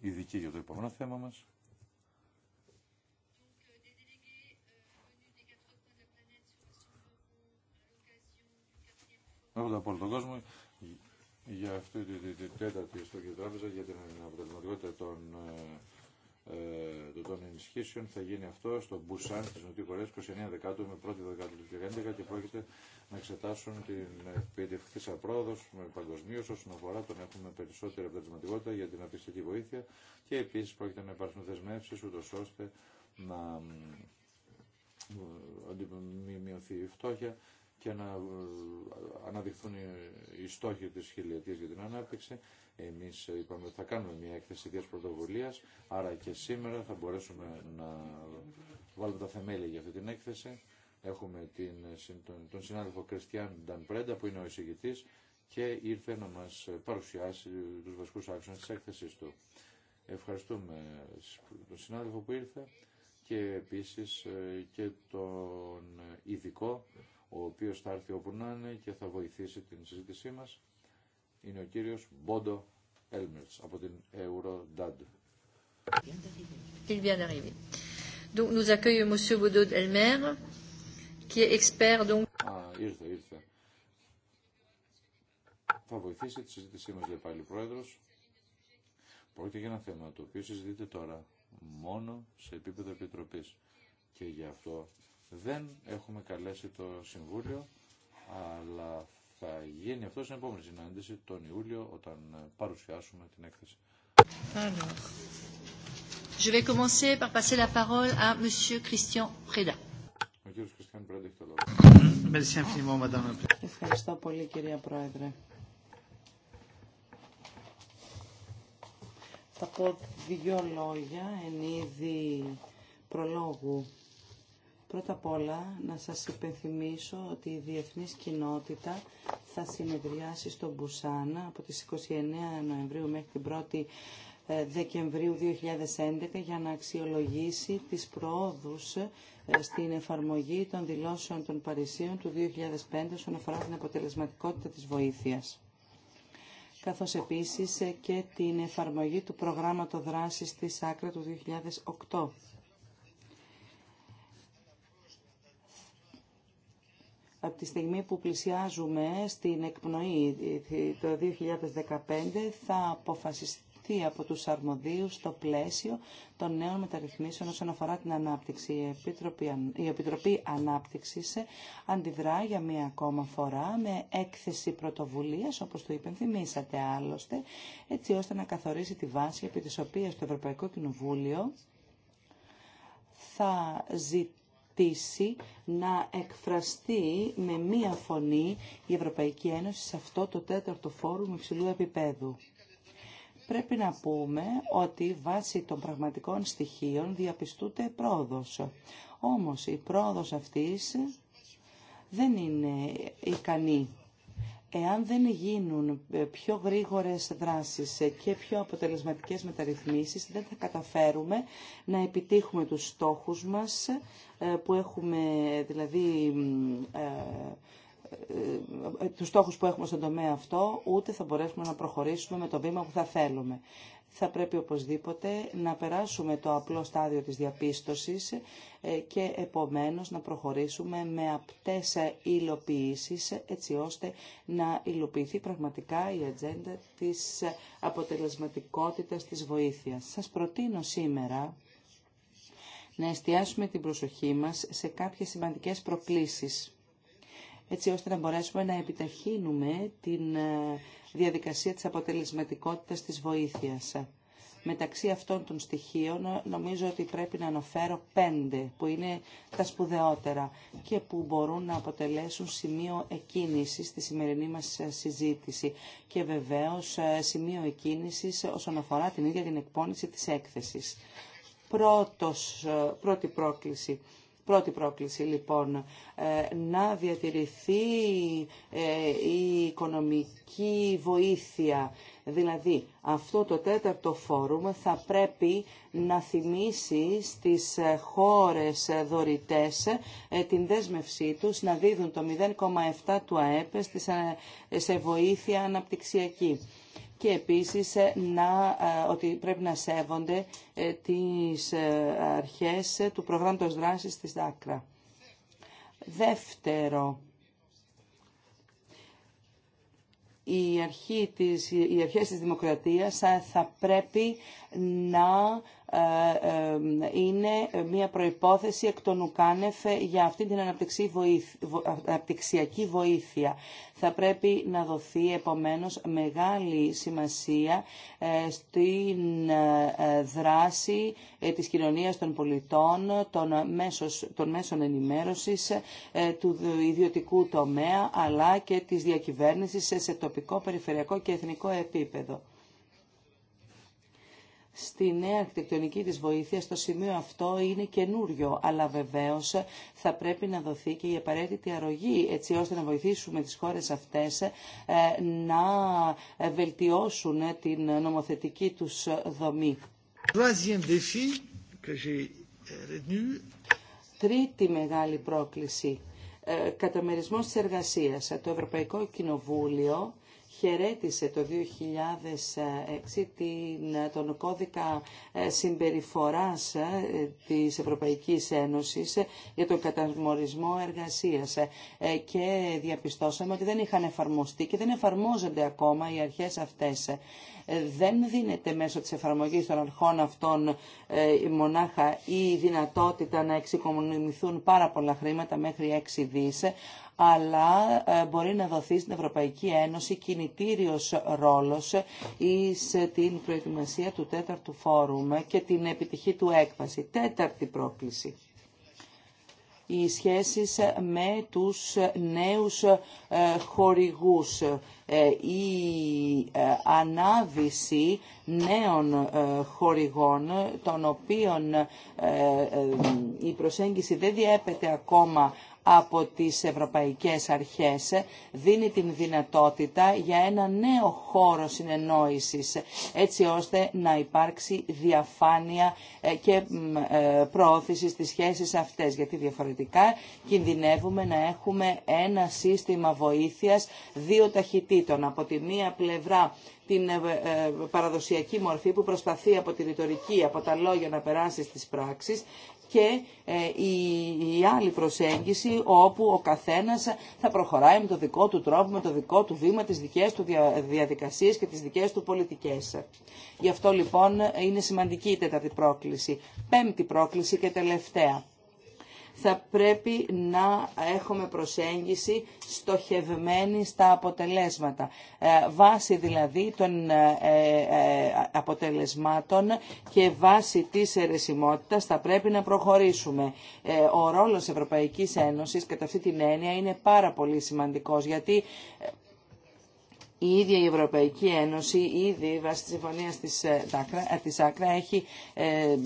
ειδικοί για το επόμενο θέμα μας. Έρχονται από όλο τον κόσμο για αυτή τη τέταρτη ιστορική τράπεζα για την αποτελεσματικότητα των ε, ε, των ενισχύσεων θα γίνει αυτό στο Μπουσάν της Νοτιού Κορέας 29 Δεκάτου με 1η Δεκάτου του 2011 και πρόκειται να εξετάσουν την επιτευχθήσα πρόοδο παγκοσμίω όσον αφορά τον έχουμε περισσότερη αποτελεσματικότητα για την απτυξιακή βοήθεια και επίση πρόκειται να υπάρξουν δεσμεύσει, ούτω ώστε να μειωθεί η φτώχεια και να αναδειχθούν οι στόχοι της χιλιετίας για την ανάπτυξη. Εμείς είπαμε ότι θα κάνουμε μια έκθεση ιδίας πρωτοβουλίας, άρα και σήμερα θα μπορέσουμε να βάλουμε τα θεμέλια για αυτή την έκθεση. Έχουμε την, τον, συνάδελφο Κριστιαν Ντανπρέντα που είναι ο εισηγητής και ήρθε να μας παρουσιάσει τους βασικούς άξονες της έκθεσης του. Ευχαριστούμε τον συνάδελφο που ήρθε και επίσης ε, και τον ειδικό ο οποίος θα έρθει όπου να είναι και θα βοηθήσει την συζήτησή μας, είναι ο κύριος Μπόντο Έλμερτς από την Eurodad. Donc nous accueillons Monsieur Elmer, qui est expert donc. Ah, ήρθε, ήρθε. Θα βοηθήσει τη συζήτησή μας, λέει πάλι ο Πρόεδρος. Πρόκειται για ένα θέμα το οποίο συζητείται τώρα μόνο σε επίπεδο επιτροπής. Και γι' αυτό δεν έχουμε καλέσει το Συμβούλιο, αλλά θα γίνει αυτό στην επόμενη συνάντηση τον Ιούλιο όταν παρουσιάσουμε την έκθεση. Je vais commencer par passer la parole à Christian Preda. Ευχαριστώ πολύ κυρία Πρόεδρε. Θα πω δύο λόγια εν είδη προλόγου Πρώτα απ' όλα να σας υπενθυμίσω ότι η διεθνής κοινότητα θα συνεδριάσει στο Μπουσάνα από τις 29 Νοεμβρίου μέχρι την 1η ε, Δεκεμβρίου 2011 για να αξιολογήσει τις προόδους ε, στην εφαρμογή των δηλώσεων των Παρισίων του 2005 όσον αφορά την αποτελεσματικότητα της βοήθειας καθώς επίσης ε, και την εφαρμογή του προγράμματο δράσης της άκρα του 2008. από τη στιγμή που πλησιάζουμε στην εκπνοή το 2015 θα αποφασιστεί από τους αρμοδίους το πλαίσιο των νέων μεταρρυθμίσεων όσον αφορά την ανάπτυξη. Η Επιτροπή, Ανάπτυξης αντιδρά για μία ακόμα φορά με έκθεση πρωτοβουλίας, όπως το υπενθυμίσατε άλλωστε, έτσι ώστε να καθορίσει τη βάση επί της οποίας το Ευρωπαϊκό Κοινοβούλιο θα ζητήσει να εκφραστεί με μία φωνή η Ευρωπαϊκή Ένωση σε αυτό το τέταρτο φόρουμ υψηλού επίπεδου. Πρέπει να πούμε ότι βάσει των πραγματικών στοιχείων διαπιστούται πρόοδος. Όμως η πρόοδος αυτής δεν είναι ικανή Εάν δεν γίνουν ε, πιο γρήγορες δράσεις ε, και πιο αποτελεσματικές μεταρρυθμίσεις, δεν θα καταφέρουμε να επιτύχουμε τους στόχους μας ε, που έχουμε, δηλαδή, τους στόχους που έχουμε στον τομέα αυτό, ούτε θα μπορέσουμε να προχωρήσουμε με το βήμα που θα θέλουμε θα πρέπει οπωσδήποτε να περάσουμε το απλό στάδιο της διαπίστωσης ε, και επομένως να προχωρήσουμε με απτές υλοποιήσεις έτσι ώστε να υλοποιηθεί πραγματικά η ατζέντα της αποτελεσματικότητας της βοήθειας. Σας προτείνω σήμερα να εστιάσουμε την προσοχή μας σε κάποιες σημαντικές προκλήσεις έτσι ώστε να μπορέσουμε να επιταχύνουμε την ε, διαδικασία της αποτελεσματικότητας της βοήθειας. Μεταξύ αυτών των στοιχείων νομίζω ότι πρέπει να αναφέρω πέντε που είναι τα σπουδαιότερα και που μπορούν να αποτελέσουν σημείο εκκίνησης στη σημερινή μας συζήτηση και βεβαίως ε, σημείο εκκίνησης όσον αφορά την ίδια την εκπόνηση της έκθεσης. Πρώτος, ε, πρώτη πρόκληση Πρώτη πρόκληση λοιπόν, ε, να διατηρηθεί ε, η οικονομική βοήθεια. Δηλαδή αυτό το τέταρτο φόρουμ θα πρέπει να θυμίσει στις ε, χώρες δωρητές την δέσμευσή τους να δίδουν το 0,7 του ΑΕΠ σε βοήθεια αναπτυξιακή και επίσης ε, να, ε, ότι πρέπει να σέβονται ε, τις αρχές του προγράμματος δράσης της ΔΑΚΡΑ. Δεύτερο, η αρχή της, οι αρχές της δημοκρατίας θα πρέπει να ε, ε, είναι μια προϋπόθεση εκ των ουκάνεφε για αυτή την αναπτυξιακή βοήθεια. Θα πρέπει να δοθεί επομένως μεγάλη σημασία ε, στην δράση της κοινωνίας των πολιτών, των, μέσος, των μέσων ενημέρωσης, του ιδιωτικού τομέα, αλλά και της διακυβέρνησης σε τοπικό, περιφερειακό και εθνικό επίπεδο στη νέα αρχιτεκτονική της βοήθεια, το σημείο αυτό είναι καινούριο, αλλά βεβαίως θα πρέπει να δοθεί και η απαραίτητη αρρωγή έτσι ώστε να βοηθήσουμε τις χώρες αυτές ε, να βελτιώσουν την νομοθετική τους δομή. Euh, Τρίτη μεγάλη πρόκληση. Ε, καταμερισμός της εργασίας. Το Ευρωπαϊκό Κοινοβούλιο χαιρέτησε το 2006 την, τον κώδικα ε, συμπεριφοράς ε, της Ευρωπαϊκής Ένωσης ε, για τον καταμορισμό εργασίας και διαπιστώσαμε ότι δεν είχαν εφαρμοστεί και δεν εφαρμόζονται ακόμα οι αρχές αυτές. Δεν δίνεται μέσω της εφαρμογής των αρχών αυτών η μονάχα η δυνατότητα να εξοικονομηθούν πάρα πολλά χρήματα μέχρι 6 δις, αλλά ε, μπορεί να δοθεί στην Ευρωπαϊκή Ένωση κινητήριος ρόλος εις ε, την προετοιμασία του τέταρτου φόρουμ και την επιτυχή του έκβαση. Τέταρτη πρόκληση οι σχέσεις ε, με τους νέους χορηγούς, η ανάβηση νέων χορηγών, των οποίων η προσέγγιση δεν διέπεται ακόμα από τις ευρωπαϊκές αρχές δίνει την δυνατότητα για ένα νέο χώρο συνεννόησης έτσι ώστε να υπάρξει διαφάνεια ε, και ε, προώθηση στις σχέσεις αυτές γιατί διαφορετικά κινδυνεύουμε να έχουμε ένα σύστημα βοήθειας δύο ταχυτήτων από τη μία πλευρά την ε, παραδοσιακή μορφή που προσπαθεί από τη ρητορική, από τα λόγια να περάσει στις πράξεις και ε, η άλλη προσέγγιση όπου ο καθένας θα προχωράει με το δικό του τρόπο, με το δικό του βήμα, τις δικές του διαδικασίες και τις δικές του πολιτικές. Γι' αυτό λοιπόν είναι σημαντική η τέταρτη πρόκληση. Πέμπτη πρόκληση και τελευταία θα πρέπει να έχουμε προσέγγιση στοχευμένη στα αποτελέσματα. Ε, βάση δηλαδή των ε, ε, αποτελεσμάτων και βάση της αιρεσιμότητας θα πρέπει να προχωρήσουμε. Ο ρόλος Ευρωπαϊκής Ένωσης κατά αυτή την έννοια είναι πάρα πολύ σημαντικός γιατί η ίδια η Ευρωπαϊκή Ένωση ήδη βάσει τη συμφωνία της ΑΚΡΑ ε, ε, έχει ε,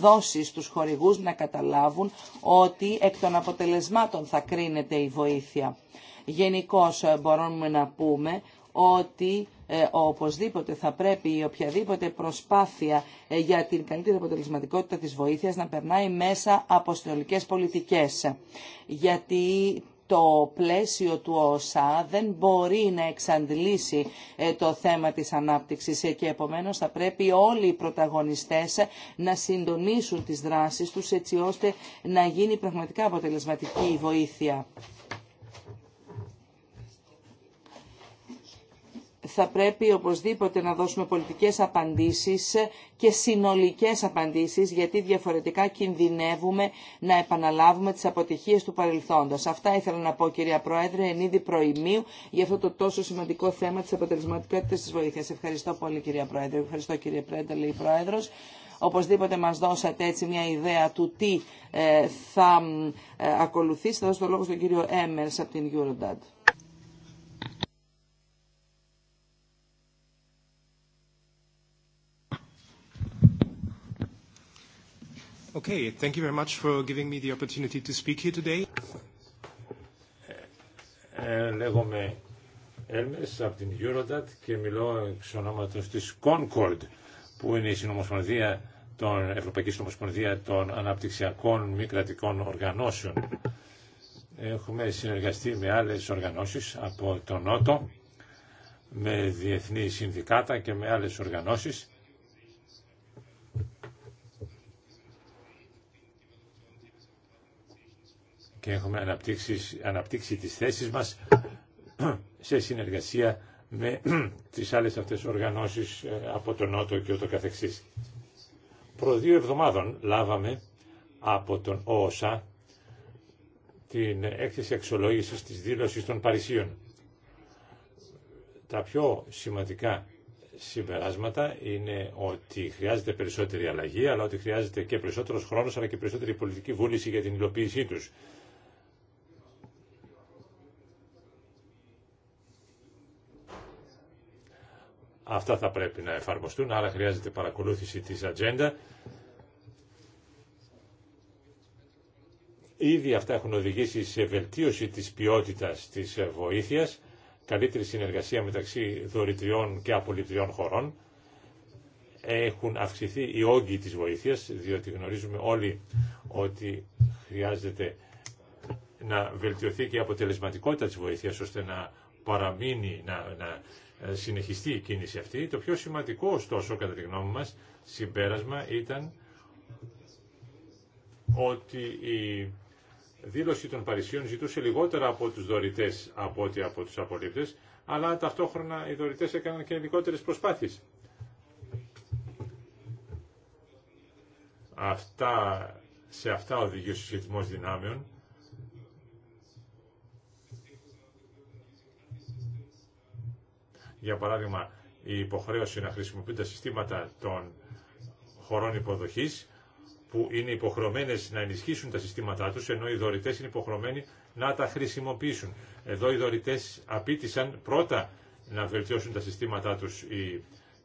δώσει στους χορηγούς να καταλάβουν ότι εκ των αποτελεσμάτων θα κρίνεται η βοήθεια. Γενικώ μπορούμε να πούμε ότι ε, οπωσδήποτε θα πρέπει οποιαδήποτε προσπάθεια για την καλύτερη αποτελεσματικότητα της βοήθειας να περνάει μέσα από συνολικές πολιτικές. Γιατί το πλαίσιο του ΩΣΑ δεν μπορεί να εξαντλήσει ε, το θέμα της ανάπτυξης και επομένως θα πρέπει όλοι οι πρωταγωνιστές να συντονίσουν τις δράσεις τους έτσι ώστε να γίνει πραγματικά αποτελεσματική η βοήθεια. θα πρέπει οπωσδήποτε να δώσουμε πολιτικές απαντήσεις και συνολικές απαντήσεις γιατί διαφορετικά κινδυνεύουμε να επαναλάβουμε τις αποτυχίες του παρελθόντος. Αυτά ήθελα να πω κυρία Πρόεδρε εν είδη προημίου για αυτό το τόσο σημαντικό θέμα της αποτελεσματικότητας της βοήθειας. Ευχαριστώ πολύ κυρία Πρόεδρε. Ευχαριστώ κύριε Πρέντα, λέει Πρόεδρος. Οπωσδήποτε μας δώσατε έτσι μια ιδέα του τι ε, θα ε, ακολουθήσει. Θα δώσω το λόγο στον κύριο Έμερς από την Eurodad. Okay, thank you very much for giving me the opportunity to speak here today. Ε, ε, λέγομαι Έλμες από την Eurodat και μιλώ εξ ονόματος της Concord που είναι η συνομοσπονδία των Ευρωπαϊκή Συνομοσπονδία των Αναπτυξιακών Μη Κρατικών Οργανώσεων. Έχουμε συνεργαστεί με άλλες οργανώσεις από τον Νότο, με διεθνή συνδικάτα και με άλλες οργανώσεις και έχουμε αναπτύξει, τις θέσεις μας <clears throat> σε συνεργασία με <clears throat> τις άλλες αυτές οργανώσεις ε, από τον Νότο και ούτω καθεξής. Προ δύο εβδομάδων λάβαμε από τον ΟΟΣΑ την έκθεση αξιολόγησης της δήλωσης των Παρισίων. Τα πιο σημαντικά συμπεράσματα είναι ότι χρειάζεται περισσότερη αλλαγή, αλλά ότι χρειάζεται και περισσότερος χρόνος, αλλά και περισσότερη πολιτική βούληση για την υλοποίησή τους. Αυτά θα πρέπει να εφαρμοστούν, άρα χρειάζεται παρακολούθηση της ατζέντα. Ήδη αυτά έχουν οδηγήσει σε βελτίωση της ποιότητας της βοήθειας, καλύτερη συνεργασία μεταξύ δωρητριών και απολυτριών χωρών. Έχουν αυξηθεί οι όγκοι της βοήθειας, διότι γνωρίζουμε όλοι ότι χρειάζεται να βελτιωθεί και η αποτελεσματικότητα της βοήθειας, ώστε να παραμείνει, να, να ε, συνεχιστεί η κίνηση αυτή. Το πιο σημαντικό, ωστόσο, κατά τη γνώμη μας, συμπέρασμα ήταν ότι η δήλωση των Παρισίων ζητούσε λιγότερα από τους δωρητές από ό,τι από τους απολύπτες, αλλά ταυτόχρονα οι δωρητές έκαναν και ειδικότερες προσπάθειες. Αυτά, σε αυτά οδηγεί ο συσχετισμός δυνάμεων Για παράδειγμα, η υποχρέωση να χρησιμοποιούν τα συστήματα των χωρών υποδοχής, που είναι υποχρεωμένες να ενισχύσουν τα συστήματά τους, ενώ οι δωρητές είναι υποχρεωμένοι να τα χρησιμοποιήσουν. Εδώ οι δωρητές απίτησαν πρώτα να βελτιώσουν τα συστήματά τους οι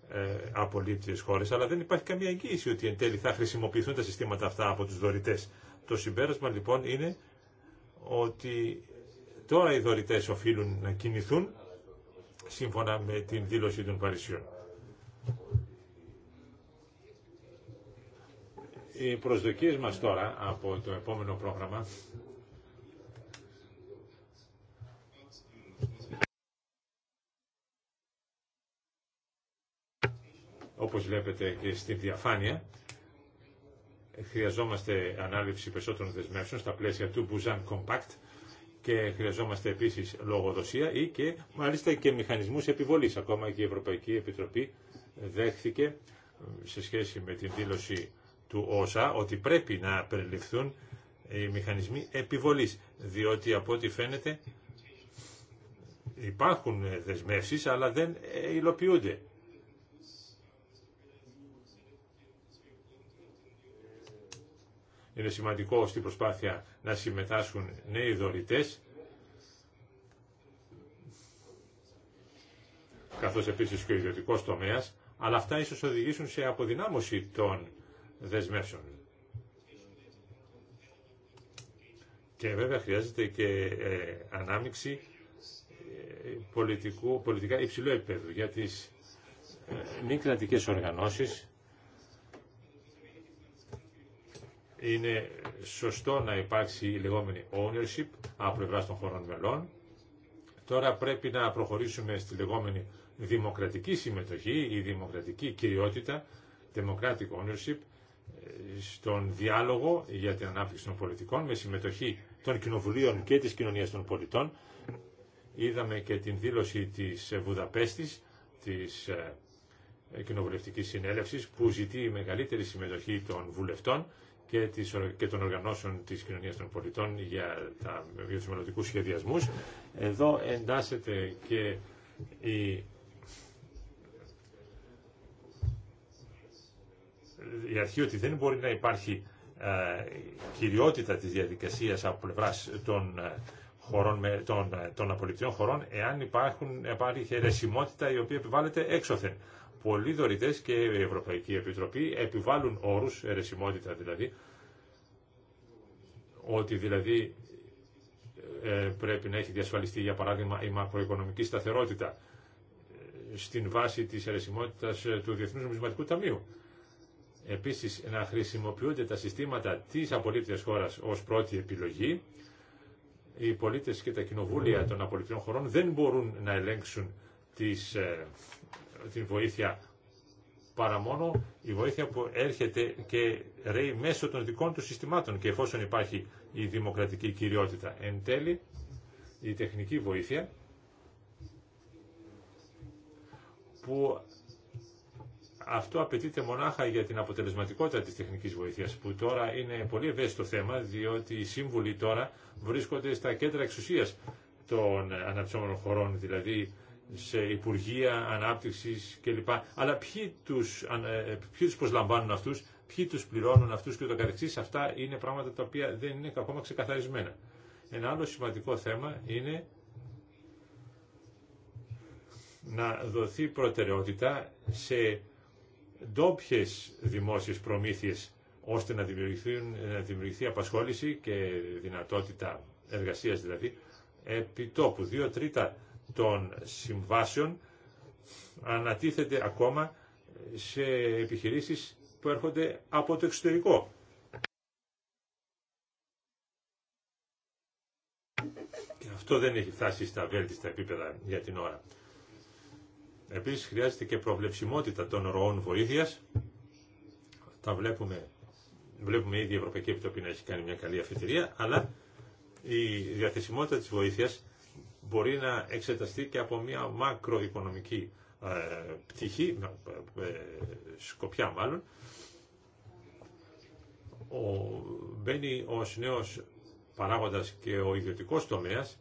ε, χώρε, χώρες, αλλά δεν υπάρχει καμία εγγύηση ότι εν τέλει θα χρησιμοποιηθούν τα συστήματα αυτά από τους δωρητές. Το συμπέρασμα λοιπόν είναι ότι τώρα οι δωρητές οφείλουν να κινηθούν, σύμφωνα με την δήλωση των Παρισιών. Οι προσδοκίες μας τώρα από το επόμενο πρόγραμμα όπως βλέπετε και στη διαφάνεια χρειαζόμαστε ανάληψη περισσότερων δεσμεύσεων στα πλαίσια του Busan Compact και χρειαζόμαστε επίσης λογοδοσία ή και μάλιστα και μηχανισμούς επιβολής. Ακόμα και η Ευρωπαϊκή Επιτροπή δέχθηκε ε, σε σχέση με την δήλωση του ΩΣΑ ότι πρέπει να περιληφθούν οι μηχανισμοί επιβολής, διότι από ό,τι φαίνεται υπάρχουν δεσμεύσεις αλλά δεν ε, υλοποιούνται. Είναι σημαντικό στην προσπάθεια να συμμετάσχουν νέοι δωρητές, καθώς επίσης και ο ιδιωτικό τομέας, αλλά αυτά ίσως οδηγήσουν σε αποδυνάμωση των δεσμεύσεων. Και βέβαια χρειάζεται και ε, ανάμειξη ε, πολιτικού, πολιτικά υψηλού επίπεδου για τις ε, μη κρατικέ οργανώσεις είναι σωστό να υπάρξει η λεγόμενη ownership από πλευρά των χωρών μελών. Τώρα πρέπει να προχωρήσουμε στη λεγόμενη δημοκρατική συμμετοχή, η δημοκρατική κυριότητα, democratic ownership, στον διάλογο για την ανάπτυξη των πολιτικών με συμμετοχή των κοινοβουλίων και της κοινωνίας των πολιτών. Είδαμε και την δήλωση της Βουδαπέστης, της ε, Κοινοβουλευτικής Συνέλευσης, που ζητεί μεγαλύτερη συμμετοχή των βουλευτών και, της, και των οργανώσεων της κοινωνίας των πολιτών για, τα, για τους σχεδιασμούς. Εδώ εντάσσεται και η η αρχή ότι δεν μπορεί να υπάρχει ε, κυριότητα της διαδικασίας από πλευράς των, ε, χωρών, των, ε, των χωρών εάν υπάρχουν, υπάρχει χαιρεσιμότητα η οποία επιβάλλεται έξωθεν πολλοί δωρητέ και η Ευρωπαϊκή Επιτροπή επιβάλλουν όρου, αιρεσιμότητα δηλαδή, ότι δηλαδή ε, πρέπει να έχει διασφαλιστεί για παράδειγμα η μακροοικονομική σταθερότητα ε, στην βάση της ερεσιμότητας ε, του Διεθνούς Νομισματικού Ταμείου. Επίσης να χρησιμοποιούνται τα συστήματα της απολύτρια χώρας ως πρώτη επιλογή. Οι πολίτες και τα κοινοβούλια των απολυτριών χωρών δεν μπορούν να ελέγξουν τις τη βοήθεια παρά μόνο η βοήθεια που έρχεται και ρέει μέσω των δικών του συστημάτων και εφόσον υπάρχει η δημοκρατική κυριότητα. Εν τέλει, η τεχνική βοήθεια που αυτό απαιτείται μονάχα για την αποτελεσματικότητα της τεχνικής βοήθειας, που τώρα είναι πολύ ευαίσθητο θέμα, διότι οι σύμβουλοι τώρα βρίσκονται στα κέντρα εξουσίας των αναψώμενων χωρών, δηλαδή σε Υπουργεία Ανάπτυξης κλπ. Αλλά ποιοι τους, ε, ποιοι τους προσλαμβάνουν αυτούς, ποιοι τους πληρώνουν αυτούς και το καθεξής, αυτά είναι πράγματα τα οποία δεν είναι ακόμα ξεκαθαρισμένα. Ένα άλλο σημαντικό θέμα είναι να δοθεί προτεραιότητα σε ντόπιε δημόσιες προμήθειες ώστε να, να δημιουργηθεί απασχόληση και δυνατότητα εργασίας δηλαδή επί τόπου. Δύο τρίτα των συμβάσεων ανατίθεται ακόμα σε επιχειρήσεις που έρχονται από το εξωτερικό. Και αυτό δεν έχει φτάσει στα βέλτιστα επίπεδα για την ώρα. Επίσης χρειάζεται και προβλεψιμότητα των ροών βοήθειας. Τα βλέπουμε, βλέπουμε ήδη η Ευρωπαϊκή Επιτροπή να έχει κάνει μια καλή αφιτερία αλλά η διαθεσιμότητα της βοήθειας μπορεί να εξεταστεί και από μια μακροοικονομική ε, πτυχή, σκοπιά μάλλον. Ο, μπαίνει ως νέος παράγοντας και ο ιδιωτικός τομέας.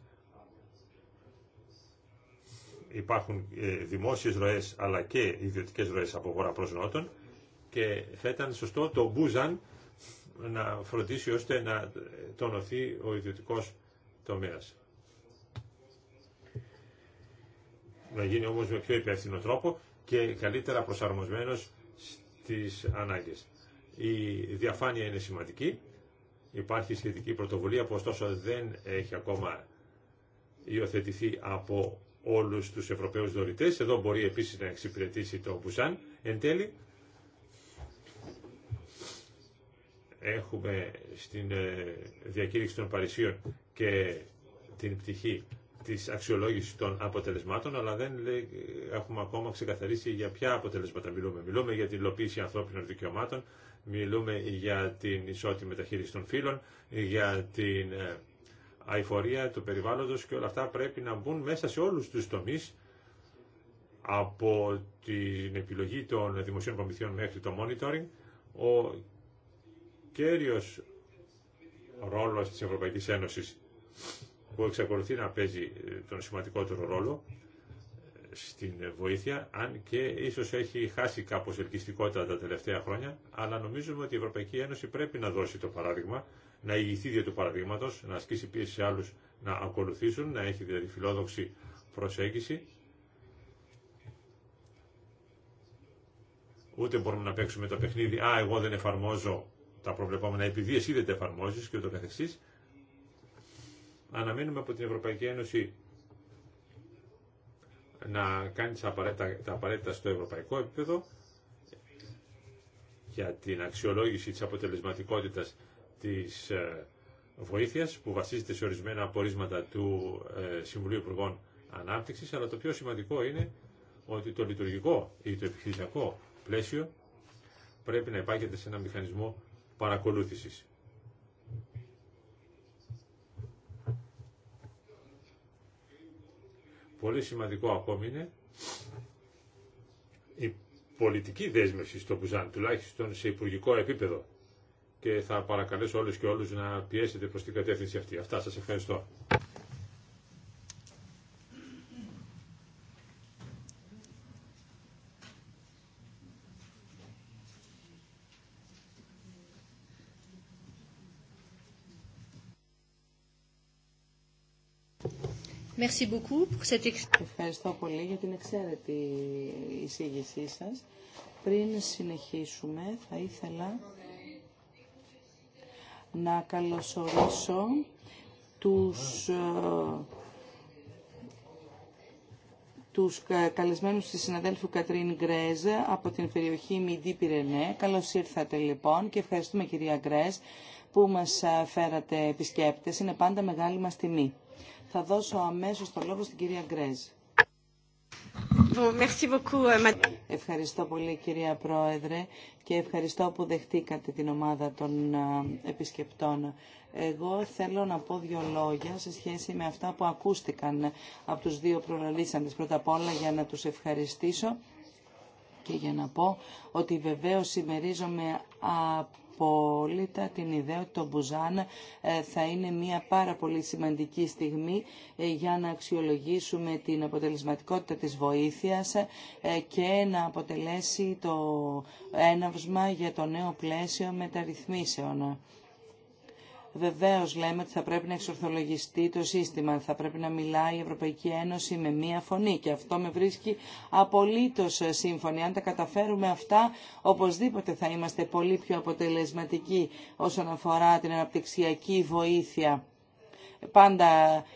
Υπάρχουν ε, δημόσιες ροές αλλά και ιδιωτικές ροές από χώρα προς νότον και θα ήταν σωστό το Μπούζαν να φροντίσει ώστε να τονωθεί ο ιδιωτικός τομέας. να γίνει όμως με πιο υπεύθυνο τρόπο και καλύτερα προσαρμοσμένος στις ανάγκες. Η διαφάνεια είναι σημαντική. Υπάρχει σχετική πρωτοβουλία που ωστόσο δεν έχει ακόμα υιοθετηθεί από όλους τους Ευρωπαίους δωρητές. Εδώ μπορεί επίσης να εξυπηρετήσει το Μπουσάν. Εν τέλει, έχουμε στην ε, διακήρυξη των Παρισίων και την πτυχή της αξιολόγησης των αποτελεσμάτων, αλλά δεν λέει, έχουμε ακόμα ξεκαθαρίσει για ποια αποτελέσματα μιλούμε. Μιλούμε για την υλοποίηση ανθρώπινων δικαιωμάτων, μιλούμε για την ισότητα μεταχείριση των φύλων, για την ε, αηφορία του περιβάλλοντος και όλα αυτά πρέπει να μπουν μέσα σε όλους τους τομείς από την επιλογή των δημοσίων προμηθειών μέχρι το monitoring. Ο κέριος ρόλος της Ευρωπαϊκής Ένωσης που εξακολουθεί να παίζει ε, τον σημαντικότερο ρόλο ε, στην βοήθεια, αν και ίσως έχει χάσει κάπως ελκυστικότητα τα τελευταία χρόνια, αλλά νομίζουμε ότι η Ευρωπαϊκή Ένωση πρέπει να δώσει το παράδειγμα, να ηγηθεί δια του παραδείγματος, να ασκήσει πίεση σε άλλους να ακολουθήσουν, να έχει δηλαδή φιλόδοξη προσέγγιση. Ούτε μπορούμε να παίξουμε το παιχνίδι «Α, εγώ δεν εφαρμόζω τα προβλεπόμενα επειδή εσύ δεν τα εφαρμόζεις» και ούτω καθεξής αναμένουμε από την Ευρωπαϊκή Ένωση να κάνει τα απαραίτητα, τα στο ευρωπαϊκό επίπεδο για την αξιολόγηση της αποτελεσματικότητας της ε, βοήθειας που βασίζεται σε ορισμένα απορίσματα του ε, Συμβουλίου Υπουργών Ανάπτυξης, αλλά το πιο σημαντικό είναι ότι το λειτουργικό ή το επιχειρησιακό πλαίσιο πρέπει να υπάρχεται σε ένα μηχανισμό παρακολούθησης. πολύ σημαντικό ακόμη είναι η πολιτική δέσμευση στο Μπουζάν, τουλάχιστον σε υπουργικό επίπεδο. Και θα παρακαλέσω όλους και όλους να πιέσετε προς την κατεύθυνση αυτή. Αυτά σας ευχαριστώ. Merci beaucoup pour cette... Ευχαριστώ πολύ για την εξαίρετη εισήγησή σας. Πριν συνεχίσουμε, θα ήθελα να καλωσορίσω τους ε, τους καλεσμένους της συναδέλφου Κατρίν Γκρέζ από την περιοχή Μιντή Πυρενέ. Καλώς ήρθατε λοιπόν και ευχαριστούμε κυρία Γκρέζ που μας ε, φέρατε επισκέπτες. Είναι πάντα μεγάλη μας τιμή. Θα δώσω αμέσως το λόγο στην κυρία Γκρέζ. Euh, ευχαριστώ πολύ κυρία Πρόεδρε και ευχαριστώ που δεχτήκατε την ομάδα των επισκεπτών. Εγώ θέλω να πω δύο λόγια σε σχέση με αυτά που ακούστηκαν από τους δύο προλαλήσαντες. Πρώτα απ' όλα για να τους ευχαριστήσω και για να πω ότι βεβαίως συμμερίζομαι απόλυτα την ιδέα ότι το Μπουζάν ε, θα είναι μια πάρα πολύ σημαντική στιγμή ε, για να αξιολογήσουμε την αποτελεσματικότητα της βοήθειας ε, και να αποτελέσει το έναυσμα για το νέο πλαίσιο μεταρρυθμίσεων. Βεβαίω λέμε ότι θα πρέπει να εξορθολογιστεί το σύστημα, θα πρέπει να μιλάει η Ευρωπαϊκή Ένωση με μία φωνή και αυτό με βρίσκει απολύτως σύμφωνη. Αν τα καταφέρουμε αυτά, οπωσδήποτε θα είμαστε πολύ πιο αποτελεσματικοί όσον αφορά την αναπτυξιακή βοήθεια πάντα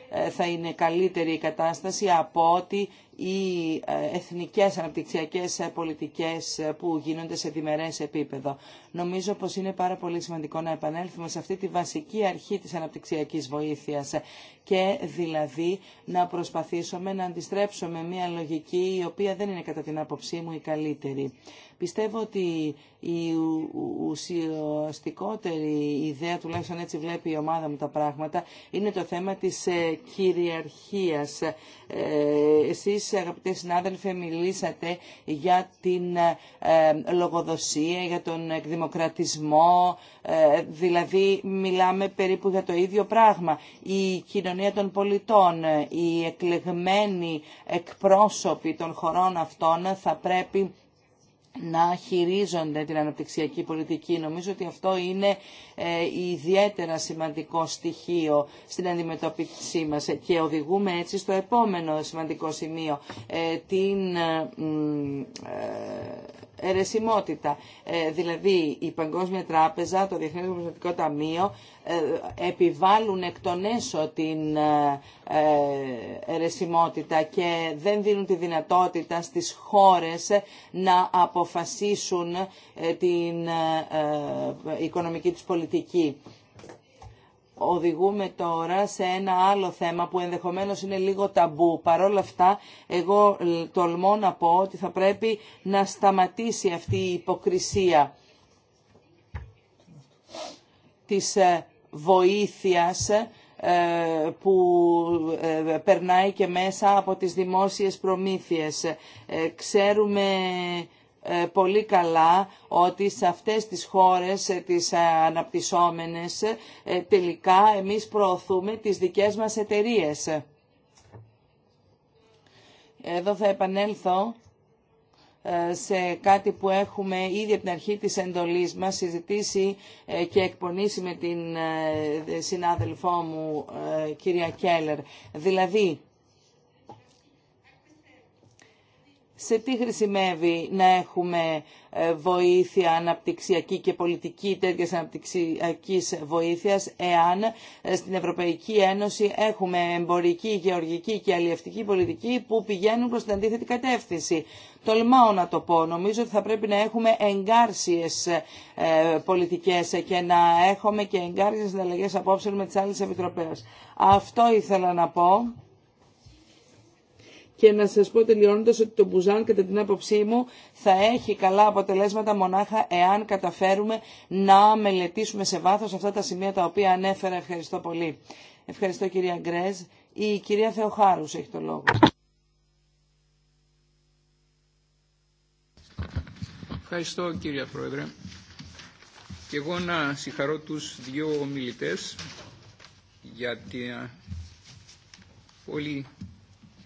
ε, θα είναι καλύτερη η κατάσταση από ότι οι ε, εθνικές αναπτυξιακές ε, πολιτικές ε, που γίνονται σε διμερές επίπεδο. Νομίζω πως είναι πάρα πολύ σημαντικό να επανέλθουμε σε αυτή τη βασική αρχή της αναπτυξιακής βοήθειας και δηλαδή να προσπαθήσουμε να αντιστρέψουμε μια λογική η οποία δεν είναι κατά την άποψή μου η καλύτερη. Πιστεύω ότι η ουσιαστικότερη ιδέα, τουλάχιστον έτσι βλέπει η ομάδα μου τα πράγματα, είναι το θέμα της κυριαρχίας. Εσείς εσείς αγαπητέ συνάδελφε μιλήσατε για την ε, λογοδοσία, για τον εκδημοκρατισμό, ε, δηλαδή μιλάμε περίπου για το ίδιο πράγμα. Η κοινωνία των πολιτών, ε, οι εκλεγμένοι εκπρόσωποι των χωρών αυτών θα πρέπει να χειρίζονται την αναπτυξιακή πολιτική. Νομίζω ότι αυτό είναι ε, ιδιαίτερα σημαντικό στοιχείο στην αντιμετώπιση μας και οδηγούμε έτσι στο επόμενο σημαντικό σημείο, ε, την ε, ερεσιμότητα. Ε, δηλαδή η Παγκόσμια Τράπεζα, το Διεθνές Νομισματικό Ταμείο ε, επιβάλλουν εκ των έσω την ερεσιμότητα ε, και δεν δίνουν τη δυνατότητα στις χώρες να αποφασίσουν την οικονομική τους πολιτική οδηγούμε τώρα σε ένα άλλο θέμα που ενδεχομένως είναι λίγο ταμπού. Παρόλα αυτά, εγώ τολμώ να πω ότι θα πρέπει να σταματήσει αυτή η υποκρισία της ε, βοήθειας ε, που ε, περνάει και μέσα από τις δημόσιες προμήθειες. Ξέρουμε ε, πολύ καλά ότι σε αυτές τις χώρες, ε, τις ε, αναπτυσσόμενες, τελικά εμείς προωθούμε τις δικές μας εταιρείες. Εδώ θα επανέλθω σε κάτι που έχουμε ήδη από την αρχή της εντολής μας συζητήσει και εκπονήσει με την συνάδελφό μου κυρία Κέλλερ. Δηλαδή, σε τι χρησιμεύει να έχουμε ε, βοήθεια αναπτυξιακή και πολιτική τέτοιας αναπτυξιακής βοήθειας εάν ε, στην Ευρωπαϊκή Ένωση έχουμε εμπορική, γεωργική και αλλιευτική πολιτική που πηγαίνουν προς την αντίθετη κατεύθυνση. Τολμάω να το πω. Νομίζω ότι θα πρέπει να έχουμε εγκάρσιες ε, πολιτικές και να έχουμε και εγκάρσιες συναλλαγέ απόψεων με τις άλλες επιτροπές. Αυτό ήθελα να πω. Και να σας πω τελειώνοντας ότι το Μπουζάν κατά την άποψή μου θα έχει καλά αποτελέσματα μονάχα εάν καταφέρουμε να μελετήσουμε σε βάθος αυτά τα σημεία τα οποία ανέφερα. Ευχαριστώ πολύ. Ευχαριστώ κυρία Γκρέζ. Η κυρία Θεοχάρους έχει το λόγο. Ευχαριστώ κύριε Πρόεδρε. Και εγώ να συγχαρώ τους δύο ομιλητές για την πολύ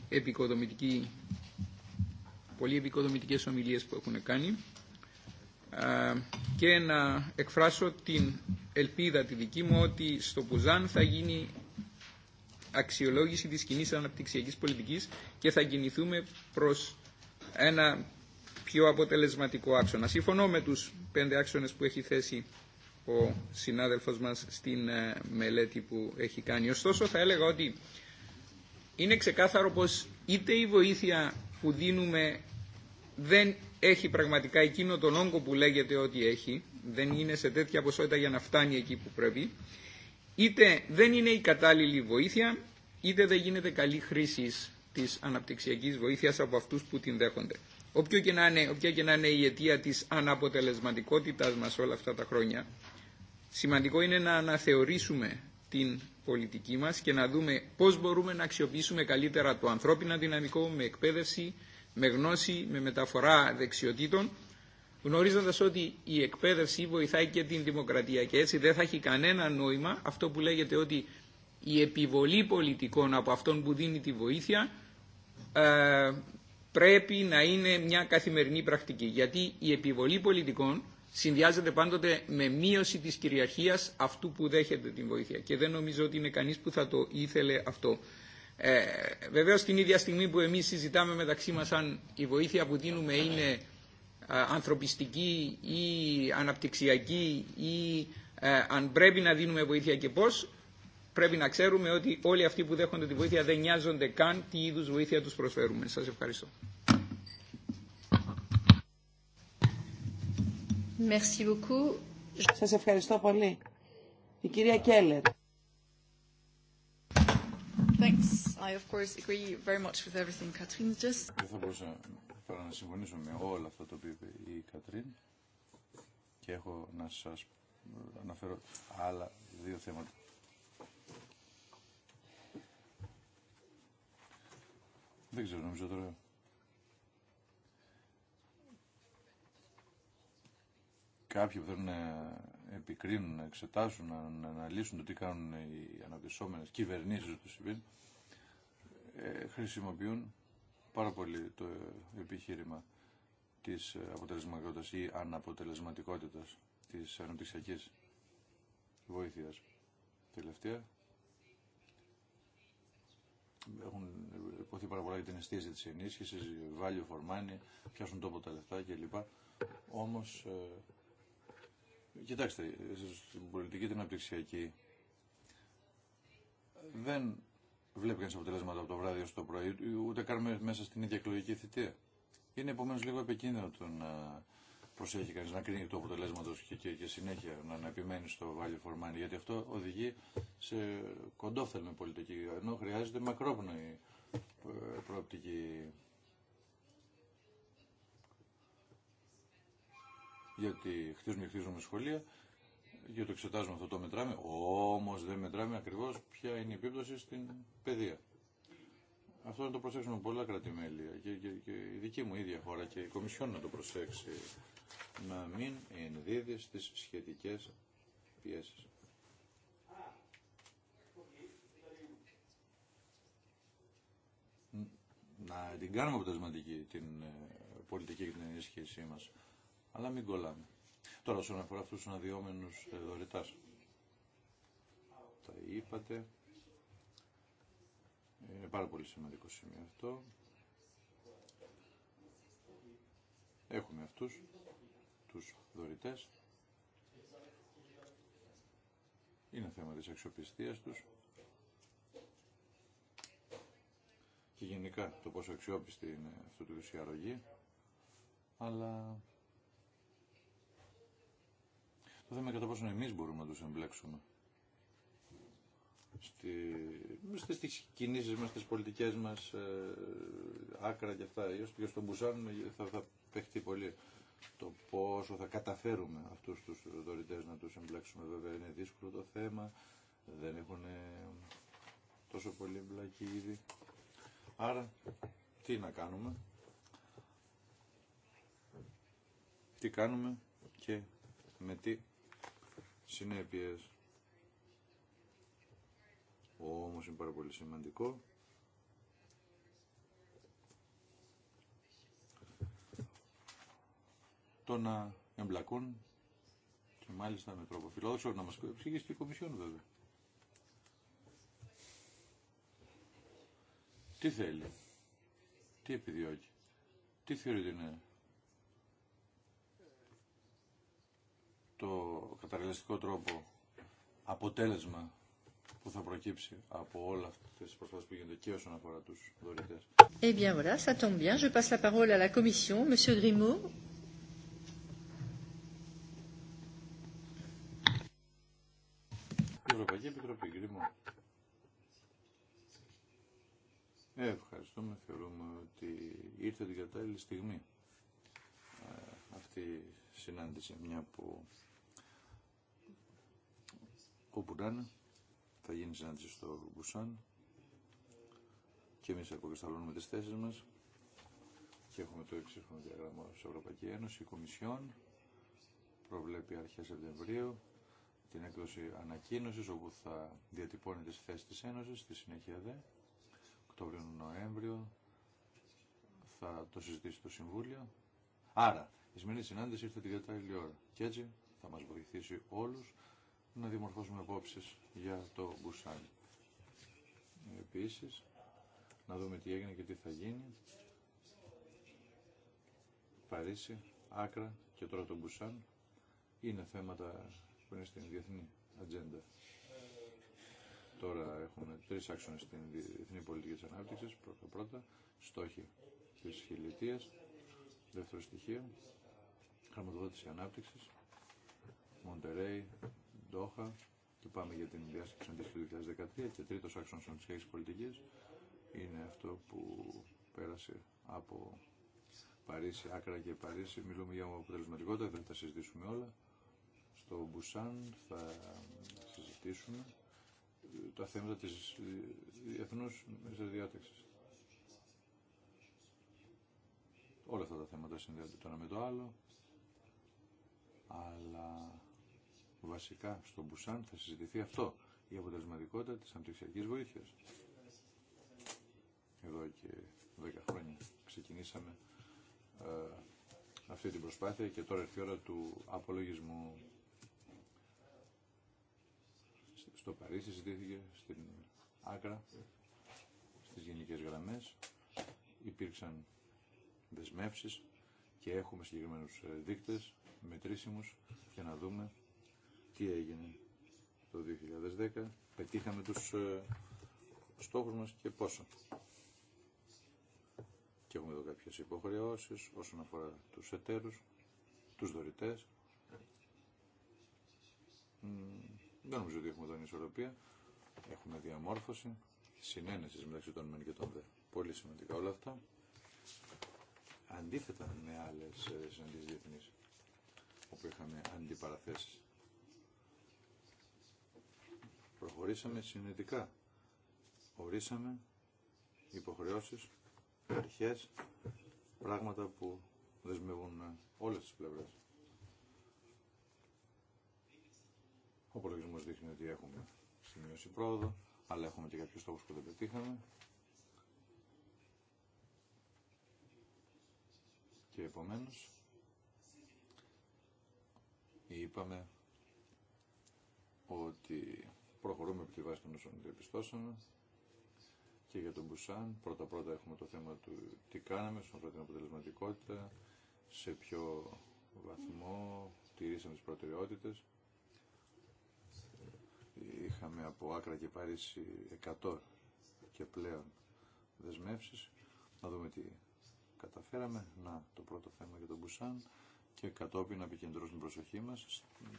επικοδομητική, πολύ επικοδομητικές ομιλίες που έχουν κάνει και να εκφράσω την ελπίδα τη δική μου ότι στο Πουζάν θα γίνει αξιολόγηση της κοινή αναπτυξιακής πολιτικής και θα κινηθούμε προς ένα πιο αποτελεσματικό άξονα. Σύμφωνο με τους πέντε άξονες που έχει θέσει ο συνάδελφος μας στην ε, μελέτη που έχει κάνει. Ωστόσο θα έλεγα ότι είναι ξεκάθαρο πως είτε η βοήθεια που δίνουμε δεν έχει πραγματικά εκείνο τον όγκο που λέγεται ότι έχει, δεν είναι σε τέτοια ποσότητα για να φτάνει εκεί που πρέπει, είτε δεν είναι η κατάλληλη βοήθεια, είτε δεν γίνεται καλή χρήση της αναπτυξιακής βοήθειας από αυτούς που την δέχονται. Όποιο και είναι, όποια και να είναι η αιτία της αναποτελεσματικότητάς μας όλα αυτά τα χρόνια, σημαντικό είναι να αναθεωρήσουμε την πολιτική μας και να δούμε πώς μπορούμε να αξιοποιήσουμε καλύτερα το ανθρώπινο δυναμικό με εκπαίδευση, με γνώση, με μεταφορά δεξιοτήτων, γνωρίζοντας ότι η εκπαίδευση βοηθάει και την δημοκρατία και έτσι δεν θα έχει κανένα νόημα αυτό που λέγεται ότι η επιβολή πολιτικών από αυτόν που δίνει τη βοήθεια ε, πρέπει να είναι μια καθημερινή πρακτική. Γιατί η επιβολή πολιτικών συνδυάζεται πάντοτε με μείωση της κυριαρχίας αυτού που δέχεται την βοήθεια. Και δεν νομίζω ότι είναι κανείς που θα το ήθελε αυτό. Ε, βεβαίως την ίδια στιγμή που εμείς συζητάμε μεταξύ μας αν η βοήθεια που δίνουμε είναι ε, ανθρωπιστική ή αναπτυξιακή ή ε, αν πρέπει να δίνουμε βοήθεια και πώς, πρέπει να ξέρουμε ότι όλοι αυτοί που δέχονται τη βοήθεια δεν νοιάζονται καν τι είδους βοήθεια τους προσφέρουμε. Σας ευχαριστώ. Merci beaucoup. Σας ευχαριστώ πολύ. Η κυρία Κέλλερ. Δεν θα μπορούσα να συμφωνήσω με όλα αυτά το είπε η Κατρίν και έχω να σας αναφέρω άλλα δύο θέματα. Δεν ξέρω, νομίζω τώρα κάποιοι που θέλουν να επικρίνουν, να εξετάσουν, να, αναλύσουν το τι κάνουν οι αναπτυσσόμενες κυβερνήσεις του ΣΥΠΗΝ, ε, χρησιμοποιούν πάρα πολύ το επιχείρημα της αποτελεσματικότητας ή αναποτελεσματικότητας της αναπτυξιακής βοήθειας. Τελευταία, έχουν υποθεί πάρα πολλά για την αισθήση της ενίσχυσης, value for money, πιάσουν τόπο τα λεφτά κλπ. Όμως ε, Κοιτάξτε, στην πολιτική την αναπτυξιακή δεν βλέπει κανεί αποτελέσματα από το βράδυ στο πρωί, ούτε κάνουμε μέσα στην ίδια εκλογική θητεία. Είναι επομένω λίγο επικίνδυνο το να προσέχει κανεί να κρίνει το αποτελέσματο και, και, συνέχεια να, να επιμένει στο value for money, γιατί αυτό οδηγεί σε κοντόφθαλμη πολιτική, ενώ χρειάζεται μακρόπνοη ε, προοπτική. γιατί χτίζουμε και χτίζουμε σχολεία για το εξετάζουμε αυτό το μετράμε, όμως δεν μετράμε ακριβώς ποια είναι η επίπτωση στην παιδεία. Αυτό να το προσέξουμε πολλά κρατημέλια και, και, και η δική μου ίδια χώρα και η Κομισιόν να το προσέξει να μην ενδίδει στις σχετικές πιέσεις. Να την κάνουμε αποτελεσματική την ε, πολιτική και την ενίσχυσή μας αλλά μην κολλάμε. Τώρα όσον αφορά αυτούς τους αδειόμενους δωρητάς. Ε, Τα είπατε. Είναι πάρα πολύ σημαντικό σημείο αυτό. Έχουμε αυτούς τους δωρητές. Είναι θέμα της αξιοπιστίας τους. Και γενικά το πόσο αξιόπιστη είναι αυτού του η αρρωγή. Αλλά το θέμα κατά πόσο εμείς μπορούμε να τους εμπλέξουμε. στι στις κινήσεις μας, στις πολιτικές μας, ε, άκρα και αυτά, και στον Μπουσάν ε, θα, θα παιχτεί πολύ το πόσο θα καταφέρουμε αυτούς τους δωρητές να τους εμπλέξουμε. Βέβαια είναι δύσκολο το θέμα, δεν έχουν ε, τόσο πολύ εμπλακεί ήδη. Άρα, τι να κάνουμε, τι κάνουμε και με τι συνέπειες. Όμως είναι πάρα πολύ σημαντικό το να εμπλακούν και μάλιστα με τρόπο φιλόδοξο να μας εξηγήσει και η Κομισιόν βέβαια. Τι θέλει, τι επιδιώκει, τι θεωρείται ότι κατά τρόπο αποτέλεσμα που θα προκύψει από όλα αυτέ τι προσπάθειε που γίνονται και όσον αφορά του δωρητέ. Eh ε bien voilà, ça tombe bien. Je passe la parole à la Commission. Monsieur Grimaud. Ευρωπαϊκή Επιτροπή, Grimaud. Ε, ευχαριστούμε. Θεωρούμε ότι ήρθε την κατάλληλη στιγμή ε, αυτή η συνάντηση, μια που όπου να είναι, θα γίνει συνάντηση στο Μπουσάν και εμείς αποκρισταλώνουμε τις θέσεις μας και έχουμε το εξήχρονο διαγράμμα στην Ευρωπαϊκή Ένωση, η Κομισιόν προβλέπει αρχές Σεπτεμβρίου την έκδοση ανακοίνωσης όπου θα διατυπώνει τις θέσεις της Ένωσης, στη συνέχεια δε, Οκτώβριο-Νοέμβριο θα το συζητήσει το Συμβούλιο. Άρα, η σημερινή συνάντηση ήρθε την κατάλληλη ώρα και έτσι θα μας βοηθήσει όλους να δημορφώσουμε απόψεις για το Μπουσάν. Επίσης, να δούμε τι έγινε και τι θα γίνει. Παρίσι, Άκρα και τώρα το Μπουσάν είναι θέματα που είναι στην διεθνή ατζέντα. Τώρα έχουμε τρεις άξονες στην διεθνή πολιτική της ανάπτυξης. Πρώτα πρώτα, στόχοι της χιλιτίας. Δεύτερο στοιχείο, χρηματοδότηση ανάπτυξης. Μοντερέι, Ντόχα και πάμε για την διάσκεψη του 2013 και τρίτο άξονα της σχέσης πολιτικής είναι αυτό που πέρασε από Παρίσι, άκρα και Παρίσι. Μιλούμε για αποτελεσματικότητα, δεν θα τα συζητήσουμε όλα. Στο Μπουσάν θα συζητήσουμε ε, τα θέματα της ε, διεθνούς διάταξης. Όλα αυτά τα θέματα συνδέονται το ένα με το άλλο, αλλά βασικά στο Μπουσάν θα συζητηθεί αυτό, η αποτελεσματικότητα της αντιξιακής βοήθειας. Εδώ και 10 χρόνια ξεκινήσαμε ε, αυτή την προσπάθεια και τώρα έρθει η ώρα του απολογισμού στο Παρίσι, συζητήθηκε στην Άκρα, στις γενικές γραμμές, υπήρξαν δεσμεύσεις και έχουμε συγκεκριμένους ε, δείκτες μετρήσιμους για να δούμε τι έγινε το 2010, πετύχαμε τους ε, στόχους μας και πόσο. Και έχουμε εδώ κάποιες υποχρεώσεις όσον αφορά τους εταίρους, τους δωρητές. Δεν νομίζω ότι έχουμε εδώ Έχουμε διαμόρφωση, συνένεση μεταξύ των μεν και των δε. Πολύ σημαντικά όλα αυτά. Αντίθετα με άλλες ε, συναντήσεις διεθνείς, όπου είχαμε αντιπαραθέσεις προχωρήσαμε συνετικά. Ορίσαμε υποχρεώσεις, αρχές, πράγματα που δεσμεύουν όλες τις πλευρές. Ο προλογισμός δείχνει ότι έχουμε σημειώσει πρόοδο, αλλά έχουμε και κάποιους στόχους που δεν πετύχαμε. Και επομένως, είπαμε ότι Προχωρούμε επί τη βάση των όσων διαπιστώσαμε και για τον Μπουσάν. Πρώτα-πρώτα έχουμε το θέμα του τι κάναμε στον την αποτελεσματικότητα, σε ποιο βαθμό τηρήσαμε τις προτεραιότητες. Είχαμε από Άκρα και Παρίσι 100 και πλέον δεσμεύσεις. Να δούμε τι καταφέραμε. Να, το πρώτο θέμα για τον Μπουσάν και κατόπιν να επικεντρώσουμε την προσοχή μας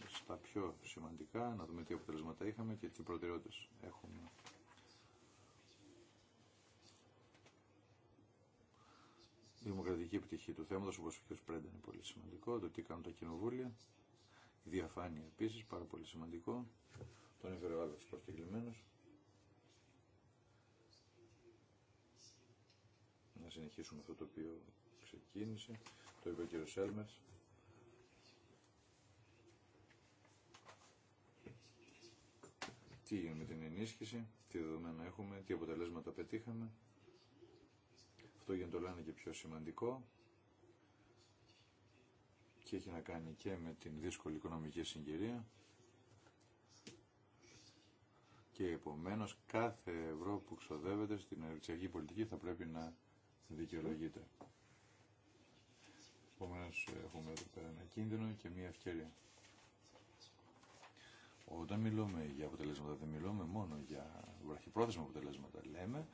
στα πιο σημαντικά, να δούμε τι αποτελέσματα είχαμε και τι προτεραιότητες έχουμε. Η δημοκρατική επιτυχία του θέματος, όπως ο κ. Πρέντα, είναι πολύ σημαντικό. Το τι κάνουν τα κοινοβούλια. Η διαφάνεια επίσης, πάρα πολύ σημαντικό. Τον έφερε ο άλλο προσκεκλημένος. Να συνεχίσουμε αυτό το οποίο ξεκίνησε. Το είπε ο κ. Σέλμερς. τι έγινε με την ενίσχυση, τι δεδομένα έχουμε, τι αποτελέσματα πετύχαμε. Αυτό για το λένε και πιο σημαντικό και έχει να κάνει και με την δύσκολη οικονομική συγκυρία και επομένως κάθε ευρώ που ξοδεύεται στην ευρωπαϊκή πολιτική θα πρέπει να δικαιολογείται. Επομένως έχουμε εδώ πέρα ένα κίνδυνο και μια ευκαιρία. Όταν μιλούμε για αποτελέσματα δεν μιλούμε μόνο για βραχυπρόθεσμα αποτελέσματα. Λέμε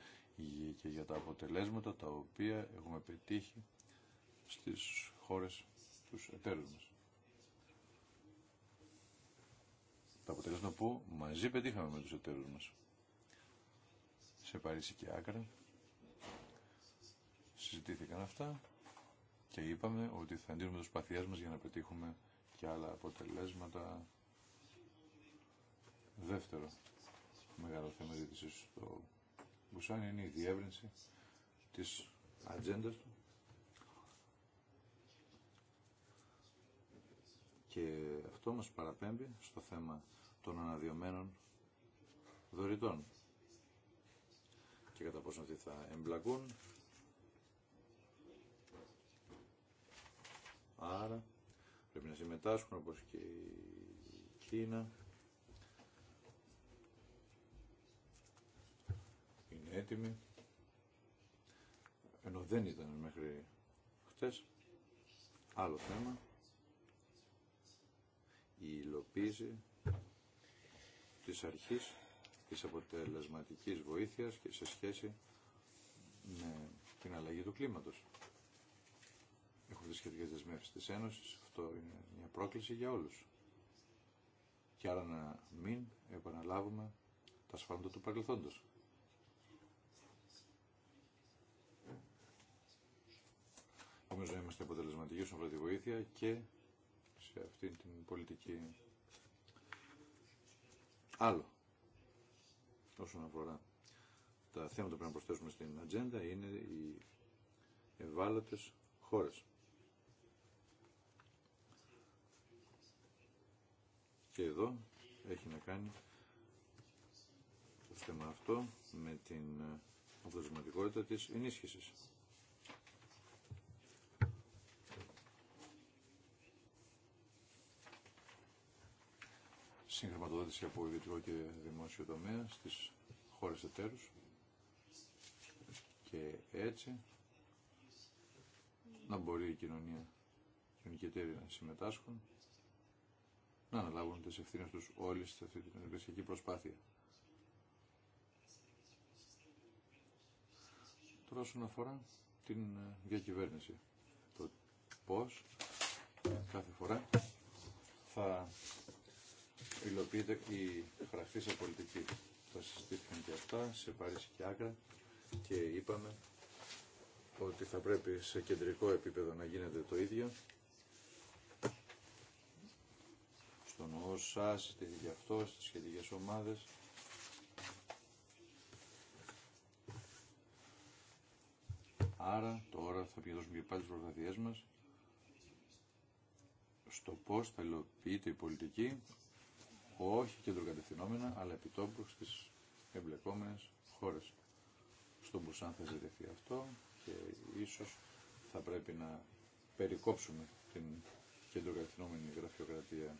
και για τα αποτελέσματα τα οποία έχουμε πετύχει στις χώρες τους εταίρους μας. Τα αποτελέσματα που μαζί πετύχαμε με τους εταίρους μας. Σε Παρίσι και Άκρα συζητήθηκαν αυτά και είπαμε ότι θα αντίζουμε το σπαθιάς μας για να πετύχουμε και άλλα αποτελέσματα Δεύτερο μεγάλο θέμα ζήτησης στο Μπουσάν είναι η διεύρυνση της ατζέντα του και αυτό μας παραπέμπει στο θέμα των αναδειωμένων δωρητών και κατά πόσο αυτοί θα εμπλακούν άρα πρέπει να συμμετάσχουν όπως και η Κίνα έτοιμη, ενώ δεν ήταν μέχρι χτες. Άλλο θέμα, η υλοποίηση της αρχής της αποτελεσματικής βοήθειας και σε σχέση με την αλλαγή του κλίματος. Έχουν δει σχετικές δεσμεύσεις της Ένωσης, αυτό είναι μια πρόκληση για όλους. Και άρα να μην επαναλάβουμε τα σφάλματα του παρελθόντος. Νομίζω είμαστε αποτελεσματικοί όσον αφορά τη βοήθεια και σε αυτή την πολιτική. Άλλο όσον αφορά τα θέματα που πρέπει να προσθέσουμε στην ατζέντα είναι οι ευάλωτες χώρες. Και εδώ έχει να κάνει το θέμα αυτό με την αποτελεσματικότητα της ενίσχυσης. συγχρηματοδότηση από ιδιωτικό και δημόσιο τομέα στις χώρες εταίρους και έτσι να μπορεί η κοινωνία, οι εταίροι να συμμετάσχουν, να αναλάβουν τις ευθύνες τους όλοι σε αυτή την εργασιακή προσπάθεια. Τώρα όσον αφορά την ε, διακυβέρνηση, το πώς κάθε φορά θα υλοποιείται η σε πολιτική. Θα συζητήθηκαν και αυτά σε Παρίσι και Άκρα και είπαμε ότι θα πρέπει σε κεντρικό επίπεδο να γίνεται το ίδιο. Στον ΩΣΑ, στη αυτό, στις σχετικές ομάδες. Άρα τώρα θα πηγαίνουμε και πάλι τις μας στο πώς θα υλοποιείται η πολιτική όχι κεντροκατευθυνόμενα, αλλά επιτόπου στις εμπλεκόμενες χώρες. Στον Μπουσάν θα ζητηθεί αυτό και ίσως θα πρέπει να περικόψουμε την κεντροκατευθυνόμενη γραφειοκρατία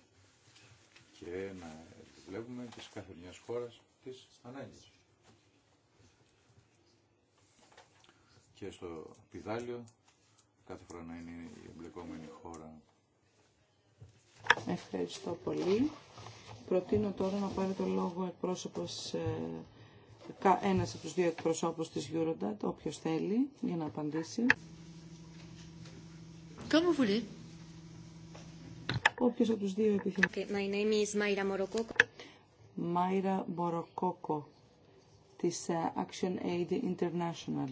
και να βλέπουμε τις κάθε μιας χώρας τις ανάγκες. Και στο πιδάλιο κάθε φορά να είναι η εμπλεκόμενη χώρα. Ευχαριστώ πολύ. Προτείνω τώρα να πάρει το λόγο εκπρόσωπος, ε, ένας από τους δύο εκπροσώπους της Eurodat, όποιος θέλει, για να απαντήσει. Comme Όποιος από τους δύο επιθυμεί. Okay, my name is Mayra Morococo. Mayra της ε, Action Aid International.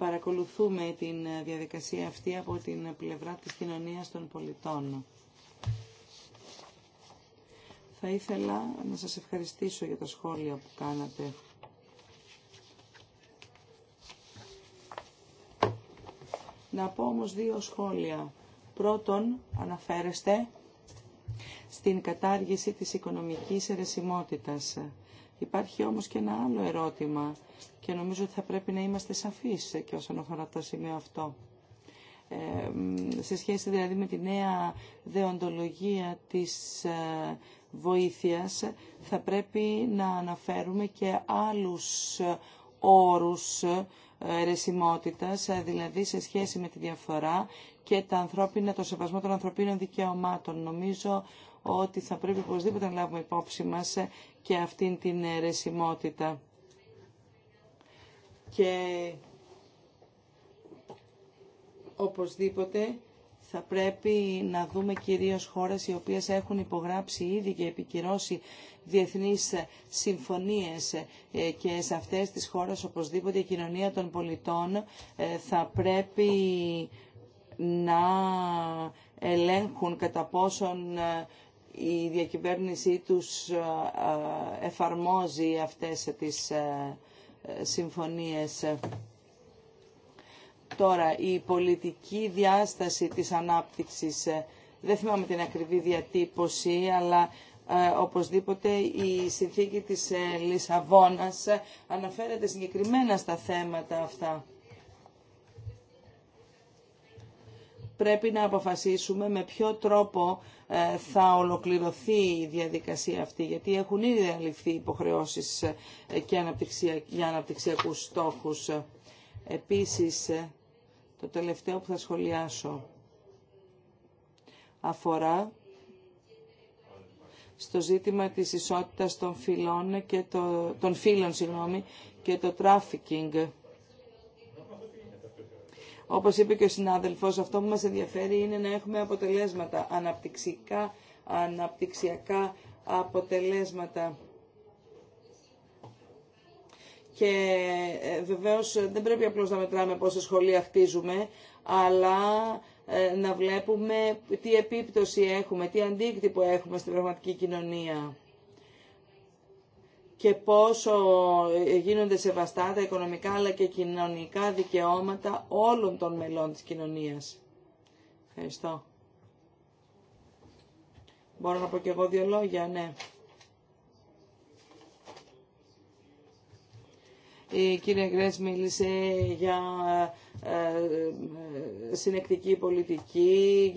παρακολουθούμε την διαδικασία αυτή από την πλευρά της κοινωνίας των πολιτών. Θα ήθελα να σας ευχαριστήσω για τα σχόλια που κάνατε. Να πω όμως δύο σχόλια. Πρώτον, αναφέρεστε στην κατάργηση της οικονομικής αιρεσιμότητας. Υπάρχει όμως και ένα άλλο ερώτημα και νομίζω ότι θα πρέπει να είμαστε σαφείς και όσον αφορά το σημείο αυτό. Ε, σε σχέση δηλαδή με τη νέα δεοντολογία της ε, βοήθειας θα πρέπει να αναφέρουμε και άλλους όρους ερεσιμότητας, ε, δηλαδή σε σχέση με τη διαφορά και τα ανθρώπινα, το σεβασμό των ανθρωπίνων δικαιωμάτων. Νομίζω ότι θα πρέπει οπωσδήποτε να λάβουμε υπόψη μας ε, και αυτήν την ερεσιμότητα και οπωσδήποτε θα πρέπει να δούμε κυρίως χώρες οι οποίες έχουν υπογράψει ήδη και επικυρώσει διεθνείς συμφωνίες ε, και σε αυτές τις χώρες οπωσδήποτε η κοινωνία των πολιτών ε, θα πρέπει να ελέγχουν κατά πόσον ε, η διακυβέρνησή τους εφαρμόζει αυτές τις συμφωνίες. Τώρα, η πολιτική διάσταση της ανάπτυξης, ε, δεν θυμάμαι την ακριβή διατύπωση, αλλά ε, οπωσδήποτε η συνθήκη της ε, Λισαβόνας ε, αναφέρεται συγκεκριμένα στα θέματα αυτά. πρέπει να αποφασίσουμε με ποιο τρόπο ε, θα ολοκληρωθεί η διαδικασία αυτή, γιατί έχουν ήδη αληφθεί υποχρεώσεις ε, και για αναπτυξιακούς στόχους. Επίσης, ε, το τελευταίο που θα σχολιάσω αφορά στο ζήτημα της ισότητας των φυλών και των φύλων συγγνώμη, και το τράφικινγκ. Όπως είπε και ο συνάδελφος, αυτό που μας ενδιαφέρει είναι να έχουμε αποτελέσματα, αναπτυξικά, αναπτυξιακά αποτελέσματα. Και ε, βεβαίως δεν πρέπει απλώς να μετράμε πόσα σχολεία χτίζουμε, αλλά ε, να βλέπουμε τι επίπτωση έχουμε, τι αντίκτυπο έχουμε στην πραγματική κοινωνία και πόσο γίνονται σεβαστά τα οικονομικά αλλά και κοινωνικά δικαιώματα όλων των μελών της κοινωνίας. Ευχαριστώ. Μπορώ να πω και εγώ δύο λόγια, ναι. Η κυρία Γκρέτς μίλησε για ε, ε, συνεκτική πολιτική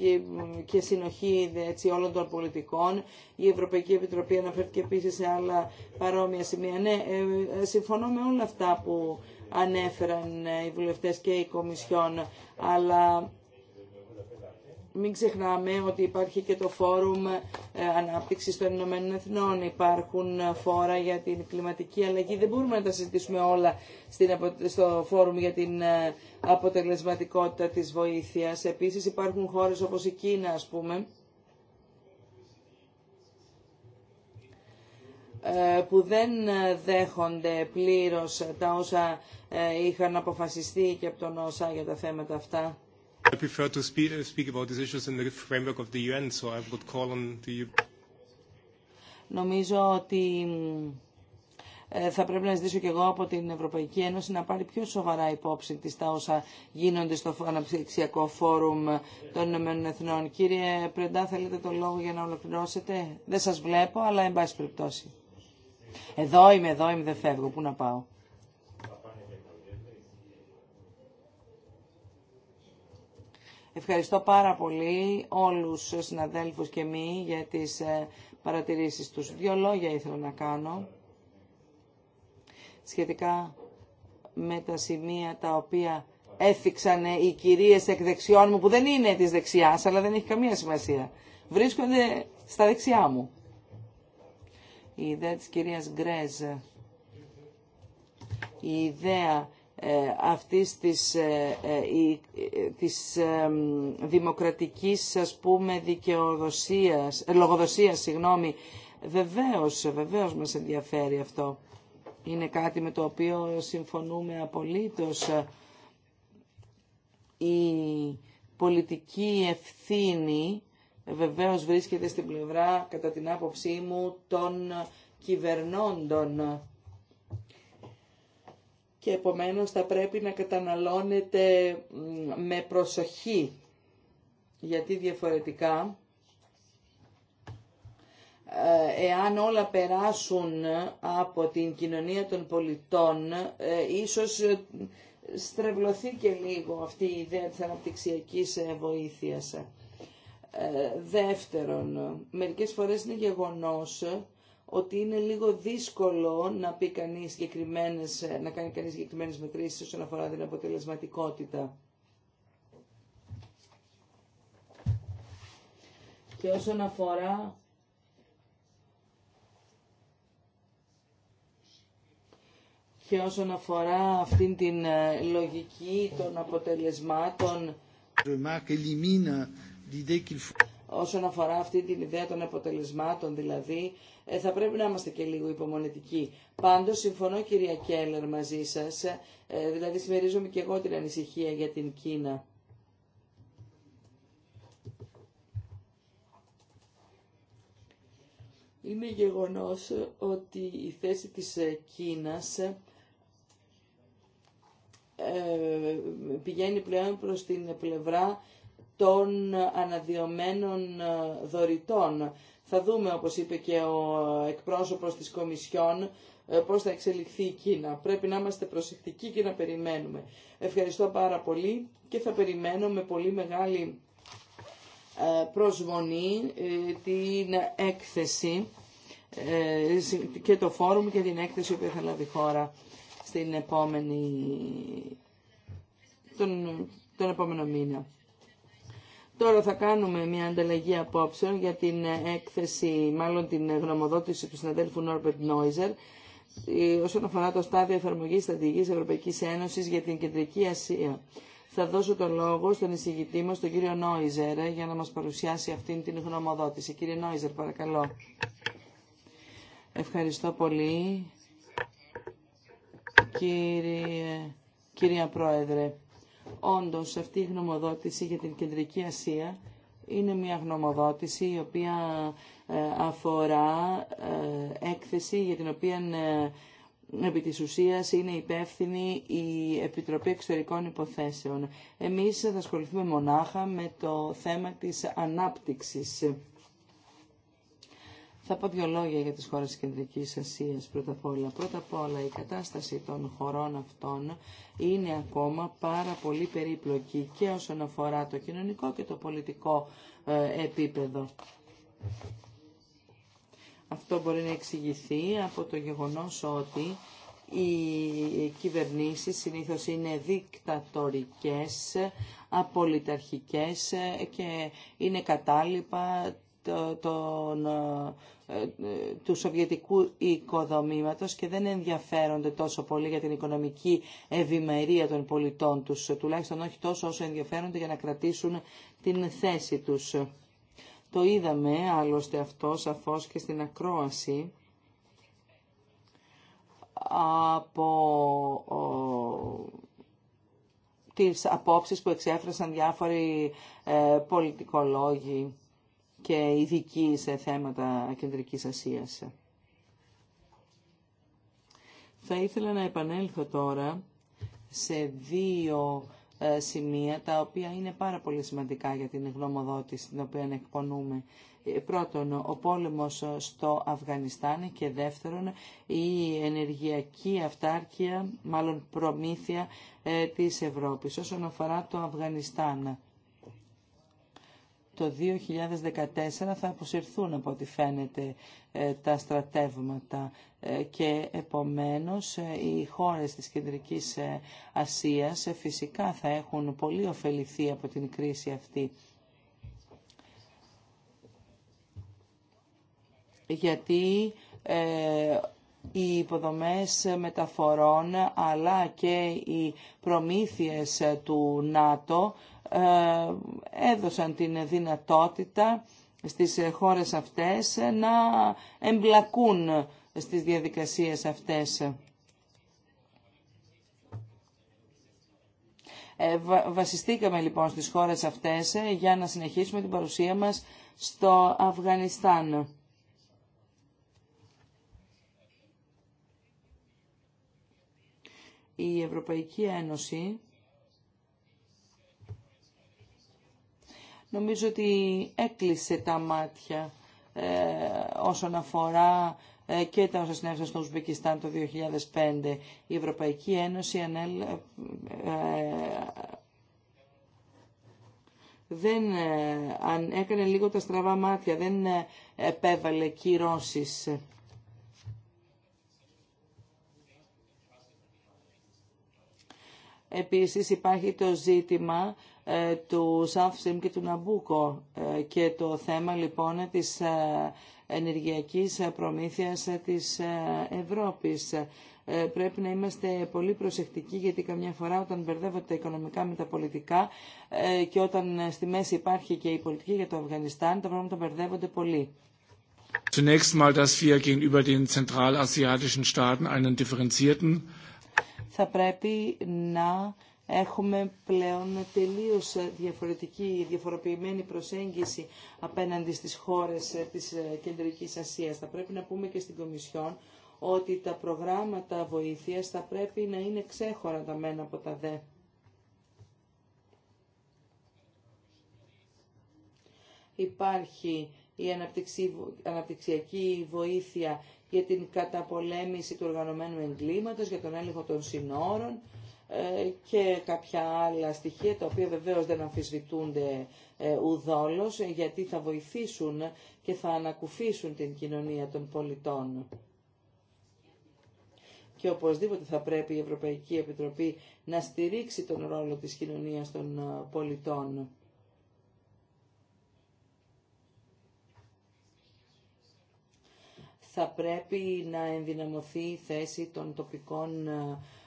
και συνοχή έτσι, όλων των πολιτικών. Η Ευρωπαϊκή Επιτροπή αναφέρθηκε επίσης σε άλλα παρόμοια σημεία. Ναι, ε, συμφωνώ με όλα αυτά που ανέφεραν οι βουλευτές και οι Κομισιόν, αλλά μην ξεχνάμε ότι υπάρχει και το Φόρουμ ε, Ανάπτυξης των Ηνωμένων Εθνών. Υπάρχουν φόρα για την κλιματική αλλαγή. Δεν μπορούμε να τα συζητήσουμε όλα στο Φόρουμ για την ε, αποτελεσματικότητα της βοήθειας. Επίσης υπάρχουν χώρες όπως η Κίνα, ας πούμε, ε, που δεν δέχονται πλήρως τα όσα είχαν αποφασιστεί και από τον ΩΣΑ για τα θέματα αυτά to speak about issues in the framework of the UN, so I would call on Νομίζω ότι ε, θα πρέπει να ζητήσω και εγώ από την Ευρωπαϊκή Ένωση να πάρει πιο σοβαρά υπόψη της τα όσα γίνονται στο αναπτυξιακό φόρουμ των Ηνωμένων Εθνών. Κύριε Πρεντά, θέλετε το λόγο για να ολοκληρώσετε. Δεν σας βλέπω, αλλά εν πάση περιπτώσει. Εδώ είμαι, εδώ είμαι, δεν φεύγω. Πού να πάω. Ευχαριστώ πάρα πολύ όλους τους συναδέλφους και μη για τις ε, παρατηρήσεις τους. Δύο λόγια ήθελα να κάνω σχετικά με τα σημεία τα οποία έφυξαν ε, οι κυρίες εκ δεξιών μου, που δεν είναι της δεξιάς, αλλά δεν έχει καμία σημασία. Βρίσκονται στα δεξιά μου. Η ιδέα της κυρίας Γκρέζ, η ιδέα ε, αυτής της, ε, ε, της δημοκρατικής ας πούμε δικαιοδοσίας, λογοδοσίας, συγγνώμη. Βεβαίως, βεβαίως μας ενδιαφέρει αυτό. Είναι κάτι με το οποίο συμφωνούμε απολύτως. Η πολιτική ευθύνη βεβαίως βρίσκεται στην πλευρά, κατά την άποψή μου, των κυβερνώντων και επομένως θα πρέπει να καταναλώνεται με προσοχή γιατί διαφορετικά ε, εάν όλα περάσουν από την κοινωνία των πολιτών ε, ίσως ε, στρεβλωθεί και λίγο αυτή η ιδέα της αναπτυξιακής βοήθειας. Δεύτερον, μερικές φορές είναι γεγονός ότι είναι λίγο δύσκολο να, πει κανείς να κάνει κανείς συγκεκριμένες μετρήσεις όσον αφορά την αποτελεσματικότητα. Και όσον αφορά και όσον αφορά αυτήν την ε, λογική των αποτελεσμάτων όσον αφορά αυτή την ιδέα των αποτελεσμάτων δηλαδή, ε, θα πρέπει να είμαστε και λίγο υπομονετικοί. Πάντως, συμφωνώ κυρία Κέλλερ μαζί σας, ε, δηλαδή συμμερίζομαι και εγώ την ανησυχία για την Κίνα. Είναι γεγονός ότι η θέση της ε, Κίνας πηγαίνει πλέον προς την πλευρά των αναδειωμένων ε, δωρητών. Θα δούμε, όπως είπε και ο εκπρόσωπος της Κομισιόν, ε, πώς θα εξελιχθεί η Κίνα. Πρέπει να είμαστε προσεκτικοί και να περιμένουμε. Ευχαριστώ πάρα πολύ και θα περιμένω με πολύ μεγάλη ε, προσμονή την έκθεση και το φόρουμ και την έκθεση που θα λάβει χώρα στην επόμενη... τον, τον επόμενο μήνα. Τώρα θα κάνουμε μια ανταλλαγή απόψεων για την έκθεση, μάλλον την γνωμοδότηση του συναδέλφου Νόρμπερτ Νόιζερ, ε, όσον αφορά το στάδιο εφαρμογή στρατηγική Ευρωπαϊκή Ένωση για την Κεντρική Ασία. Θα δώσω το λόγο στον εισηγητή μα, τον κύριο Νόιζερ, για να μα παρουσιάσει αυτήν την γνωμοδότηση. Κύριε Νόιζερ, παρακαλώ. Ευχαριστώ πολύ, κύριε, κυρία Πρόεδρε. Όντως αυτή η γνωμοδότηση για την Κεντρική Ασία είναι μια γνωμοδότηση η οποία ε, αφορά ε, έκθεση για την οποία ε, επί της ουσίας είναι υπεύθυνη η Επιτροπή Εξωτερικών Υποθέσεων. Εμείς θα ασχοληθούμε μονάχα με το θέμα της ανάπτυξης θα πω δύο λόγια για τις χώρες της Κεντρικής Ασίας πρώτα απ' όλα. Πρώτα απ' όλα η κατάσταση των χωρών αυτών είναι ακόμα πάρα πολύ περίπλοκη και όσον αφορά το κοινωνικό και το πολιτικό ε, επίπεδο. Αυτό μπορεί να εξηγηθεί από το γεγονός ότι οι κυβερνήσεις συνήθως είναι δικτατορικές, απολυταρχικές ε, και είναι κατάλοιπα το, ε, ε, του σοβιετικού οικοδομήματος και δεν ενδιαφέρονται τόσο πολύ για την οικονομική ευημερία των πολιτών τους, τουλάχιστον όχι τόσο όσο ενδιαφέρονται για να κρατήσουν την θέση τους. Το είδαμε άλλωστε αυτό σαφώς και στην ακρόαση από τις απόψεις που εξέφρασαν διάφοροι ε, πολιτικολόγοι και ειδική σε θέματα Κεντρικής Ασίας. Θα ήθελα να επανέλθω τώρα σε δύο ε, σημεία τα οποία είναι πάρα πολύ σημαντικά για την γνωμοδότηση την οποία εκπονούμε. Ε, πρώτον, ο πόλεμος στο Αφγανιστάν και δεύτερον, η ενεργειακή αυτάρκεια, μάλλον προμήθεια ε, της Ευρώπης όσον αφορά το Αφγανιστάν το 2014 θα αποσυρθούν από ό,τι φαίνεται ε, τα στρατεύματα ε, και επομένως ε, οι χώρες της Κεντρικής Ασίας φυσικά θα έχουν πολύ ωφεληθεί από την κρίση αυτή. Γιατί οι υποδομές μεταφορών αλλά και οι προμήθειες του ΝΑΤΟ ε, έδωσαν την δυνατότητα στις χώρες αυτές να εμπλακούν στις διαδικασίες αυτές. Ε, βασιστήκαμε λοιπόν στις χώρες αυτές ε, για να συνεχίσουμε την παρουσία μας στο Αφγανιστάν. Η Ευρωπαϊκή Ένωση νομίζω ότι έκλεισε τα μάτια ε, όσον αφορά ε, και τα όσα συνέβησαν στο Ουσμπεκιστάν το 2005. Η Ευρωπαϊκή Ένωση ε, ε, δεν ε, αν έκανε λίγο τα στραβά μάτια, δεν επέβαλε κυρώσεις. Επίσης υπάρχει το ζήτημα ε, του South και του Ναμπούκο ε, και το θέμα λοιπόν της ε, ενεργειακής προμήθειας της Ευρώπης. Πρέπει να είμαστε πολύ προσεκτικοί γιατί καμιά φορά όταν μπερδεύονται τα οικονομικά με τα πολιτικά και όταν στη μέση υπάρχει και η πολιτική για το Αφγανιστάν τα πράγματα μπερδεύονται πολύ. Zunächst mal, dass wir gegenüber den θα πρέπει να Έχουμε πλέον τελείως διαφορετική, διαφοροποιημένη προσέγγιση απέναντι στις χώρες ε, της ε, Κεντρικής Ασίας. Θα πρέπει να πούμε και στην Κομισιόν ότι τα προγράμματα βοήθειας θα πρέπει να είναι ξέχωρα τα μένα από τα δε. Υπάρχει η αναπτυξιακή βοήθεια για την καταπολέμηση του οργανωμένου εγκλήματος, για τον έλεγχο των συνόρων, ε, και κάποια άλλα στοιχεία τα οποία βεβαίως δεν αμφισβητούνται ε, ουδόλως γιατί θα βοηθήσουν και θα ανακουφίσουν την κοινωνία των πολιτών. Και οπωσδήποτε θα πρέπει η Ευρωπαϊκή Επιτροπή να στηρίξει τον ρόλο της κοινωνίας των ε, πολιτών. Θα πρέπει να ενδυναμωθεί η θέση των τοπικών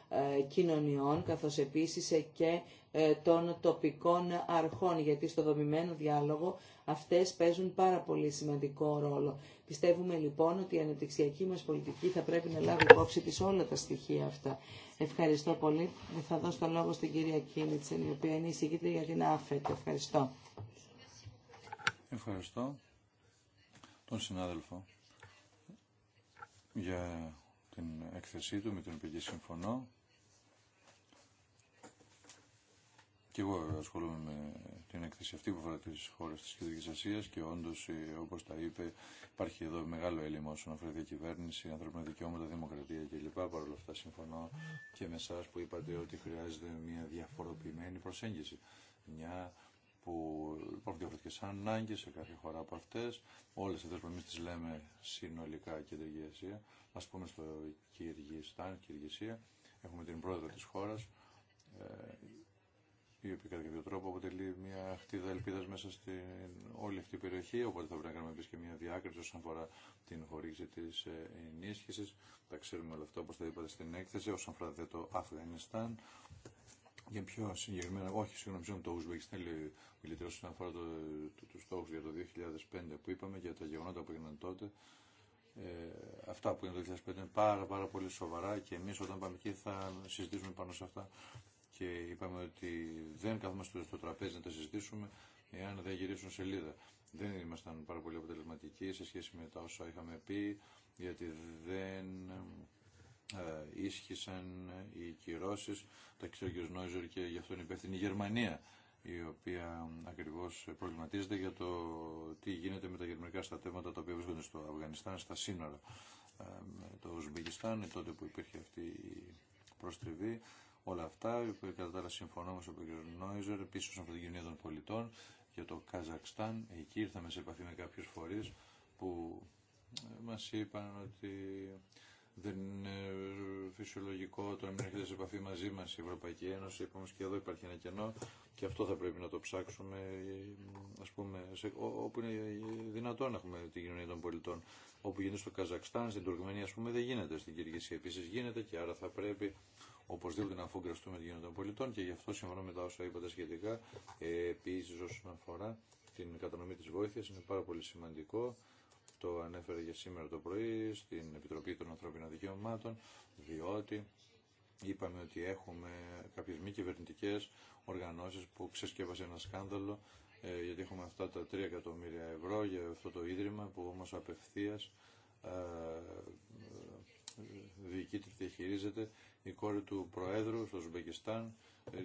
ε, κοινωνιών καθώς επίσης ε, και ε, των τοπικών αρχών γιατί στο δομημένο διάλογο αυτές παίζουν πάρα πολύ σημαντικό ρόλο. Πιστεύουμε λοιπόν ότι η ανεπτυξιακή μας πολιτική θα πρέπει να λάβει υπόψη της όλα τα στοιχεία αυτά. Ευχαριστώ πολύ. Θα δώσω το λόγο στην κυρία Κίνιτσεν η οποία είναι εισηγήτρια για την ΑΦΕΤ. Ευχαριστώ. Ευχαριστώ τον συνάδελφο για την έκθεσή του με την οποία συμφωνώ Και εγώ ασχολούμαι με την έκθεση αυτή που αφορά τι χώρε τη Κεντρική Ασία και όντω, ε, όπω τα είπε, υπάρχει εδώ μεγάλο έλλειμμα όσον αφορά τη κυβέρνηση, ανθρώπινα δικαιώματα, δημοκρατία κλπ. Παρ' όλα αυτά, συμφωνώ και με εσά που είπατε ότι χρειάζεται μια διαφοροποιημένη προσέγγιση. Μια που υπάρχουν διαφορετικέ ανάγκε σε κάθε χώρα από αυτέ. Όλε αυτέ που εμεί τι λέμε συνολικά Κεντρική Ασία, α πούμε στο Κυργιστάν, Κυργισία, έχουμε την πρόεδρο τη χώρα ε, η οποία κατά κάποιο τρόπο αποτελεί μια χτίδα ελπίδα μέσα στην όλη αυτή η περιοχή. Οπότε θα πρέπει να κάνουμε επίση και μια διάκριση όσον αφορά την χορήγηση τη ε, ενίσχυση. Τα ξέρουμε όλα αυτά, όπω τα είπατε στην έκθεση, όσον αφορά το Αφγανιστάν. Για πιο συγκεκριμένα, όχι, συγγνώμη, το Ουσβεκιστάν, λέει ο όσον αφορά το, το, του στόχου για το 2005 που είπαμε, για τα γεγονότα που έγιναν τότε. Ε, αυτά που είναι το 2005 είναι πάρα, πάρα πολύ σοβαρά και εμεί όταν πάμε εκεί θα συζητήσουμε πάνω σε αυτά και είπαμε ότι δεν καθόμαστε στο τραπέζι να τα συζητήσουμε εάν δεν γυρίσουν σελίδα. Δεν ήμασταν πάρα πολύ αποτελεσματικοί σε σχέση με τα όσα είχαμε πει, γιατί δεν ε, ίσχυσαν οι κυρώσει Τα ξέρει ο κ. Νόιζερ και γι' αυτό είναι υπεύθυνη η Γερμανία, η οποία ακριβώ προβληματίζεται για το τι γίνεται με τα γερμανικά στατεύματα τα οποία βρίσκονται στο Αφγανιστάν, στα σύνορα. Ε, το Ουσμπεκιστάν, ε, τότε που υπήρχε αυτή η προστριβή, όλα αυτά. Κατά τα συμφωνώ με τον κ. Νόιζερ, επίση από την κοινωνία των πολιτών για το Καζακστάν. Εκεί ήρθαμε σε επαφή με κάποιου φορεί που ε, μα είπαν ότι δεν είναι φυσιολογικό το να μην έρχεται σε επαφή μαζί μα η Ευρωπαϊκή Ένωση. Είπαμε και εδώ υπάρχει ένα κενό και αυτό θα πρέπει να το ψάξουμε, α πούμε, σε, όπου είναι δυνατόν να έχουμε την κοινωνία των πολιτών. Όπου γίνεται στο Καζακστάν, στην Τουρκμενία, α πούμε, δεν γίνεται. Στην Κυριακή επίση γίνεται και άρα θα πρέπει οπωσδήποτε να αφουγκραστούμε την των πολιτών και γι' αυτό συμφωνώ με τα όσα είπατε σχετικά. Ε, Επίση, όσον αφορά την κατανομή τη βοήθεια, είναι πάρα πολύ σημαντικό. Το ανέφερε για σήμερα το πρωί στην Επιτροπή των Ανθρωπίνων Δικαιωμάτων, διότι είπαμε ότι έχουμε κάποιες μη κυβερνητικέ οργανώσεις που ξεσκεύασε ένα σκάνδαλο ε, γιατί έχουμε αυτά τα 3 εκατομμύρια ευρώ για αυτό το ίδρυμα που όμως απευθεία ε, ε, διοικείται και χειρίζεται η κόρη του Προέδρου στο Ζουμπεκιστάν,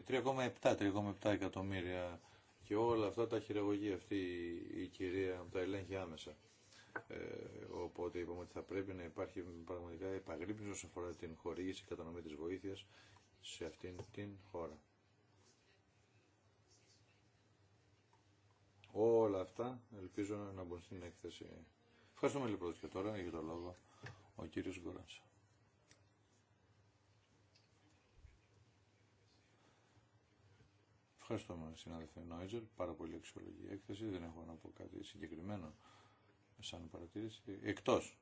3,7 ε, εκατομμύρια και όλα αυτά τα χειραγωγεί αυτή η κυρία τα ελέγχει άμεσα. Ε, οπότε είπαμε ότι θα πρέπει να υπάρχει πραγματικά επαγρύπνηση όσον αφορά την χορήγηση κατανομή της βοήθειας σε αυτήν την χώρα. Όλα αυτά ελπίζω να μπουν στην έκθεση. Ευχαριστούμε λοιπόν και τώρα για το λόγο ο κύριος Γκοράνσα. Ευχαριστώ, συνάδελφε Νόιτζερ. Πάρα πολύ αξιολογική έκθεση. Δεν έχω να πω κάτι συγκεκριμένο σαν παρατήρηση. Εκτός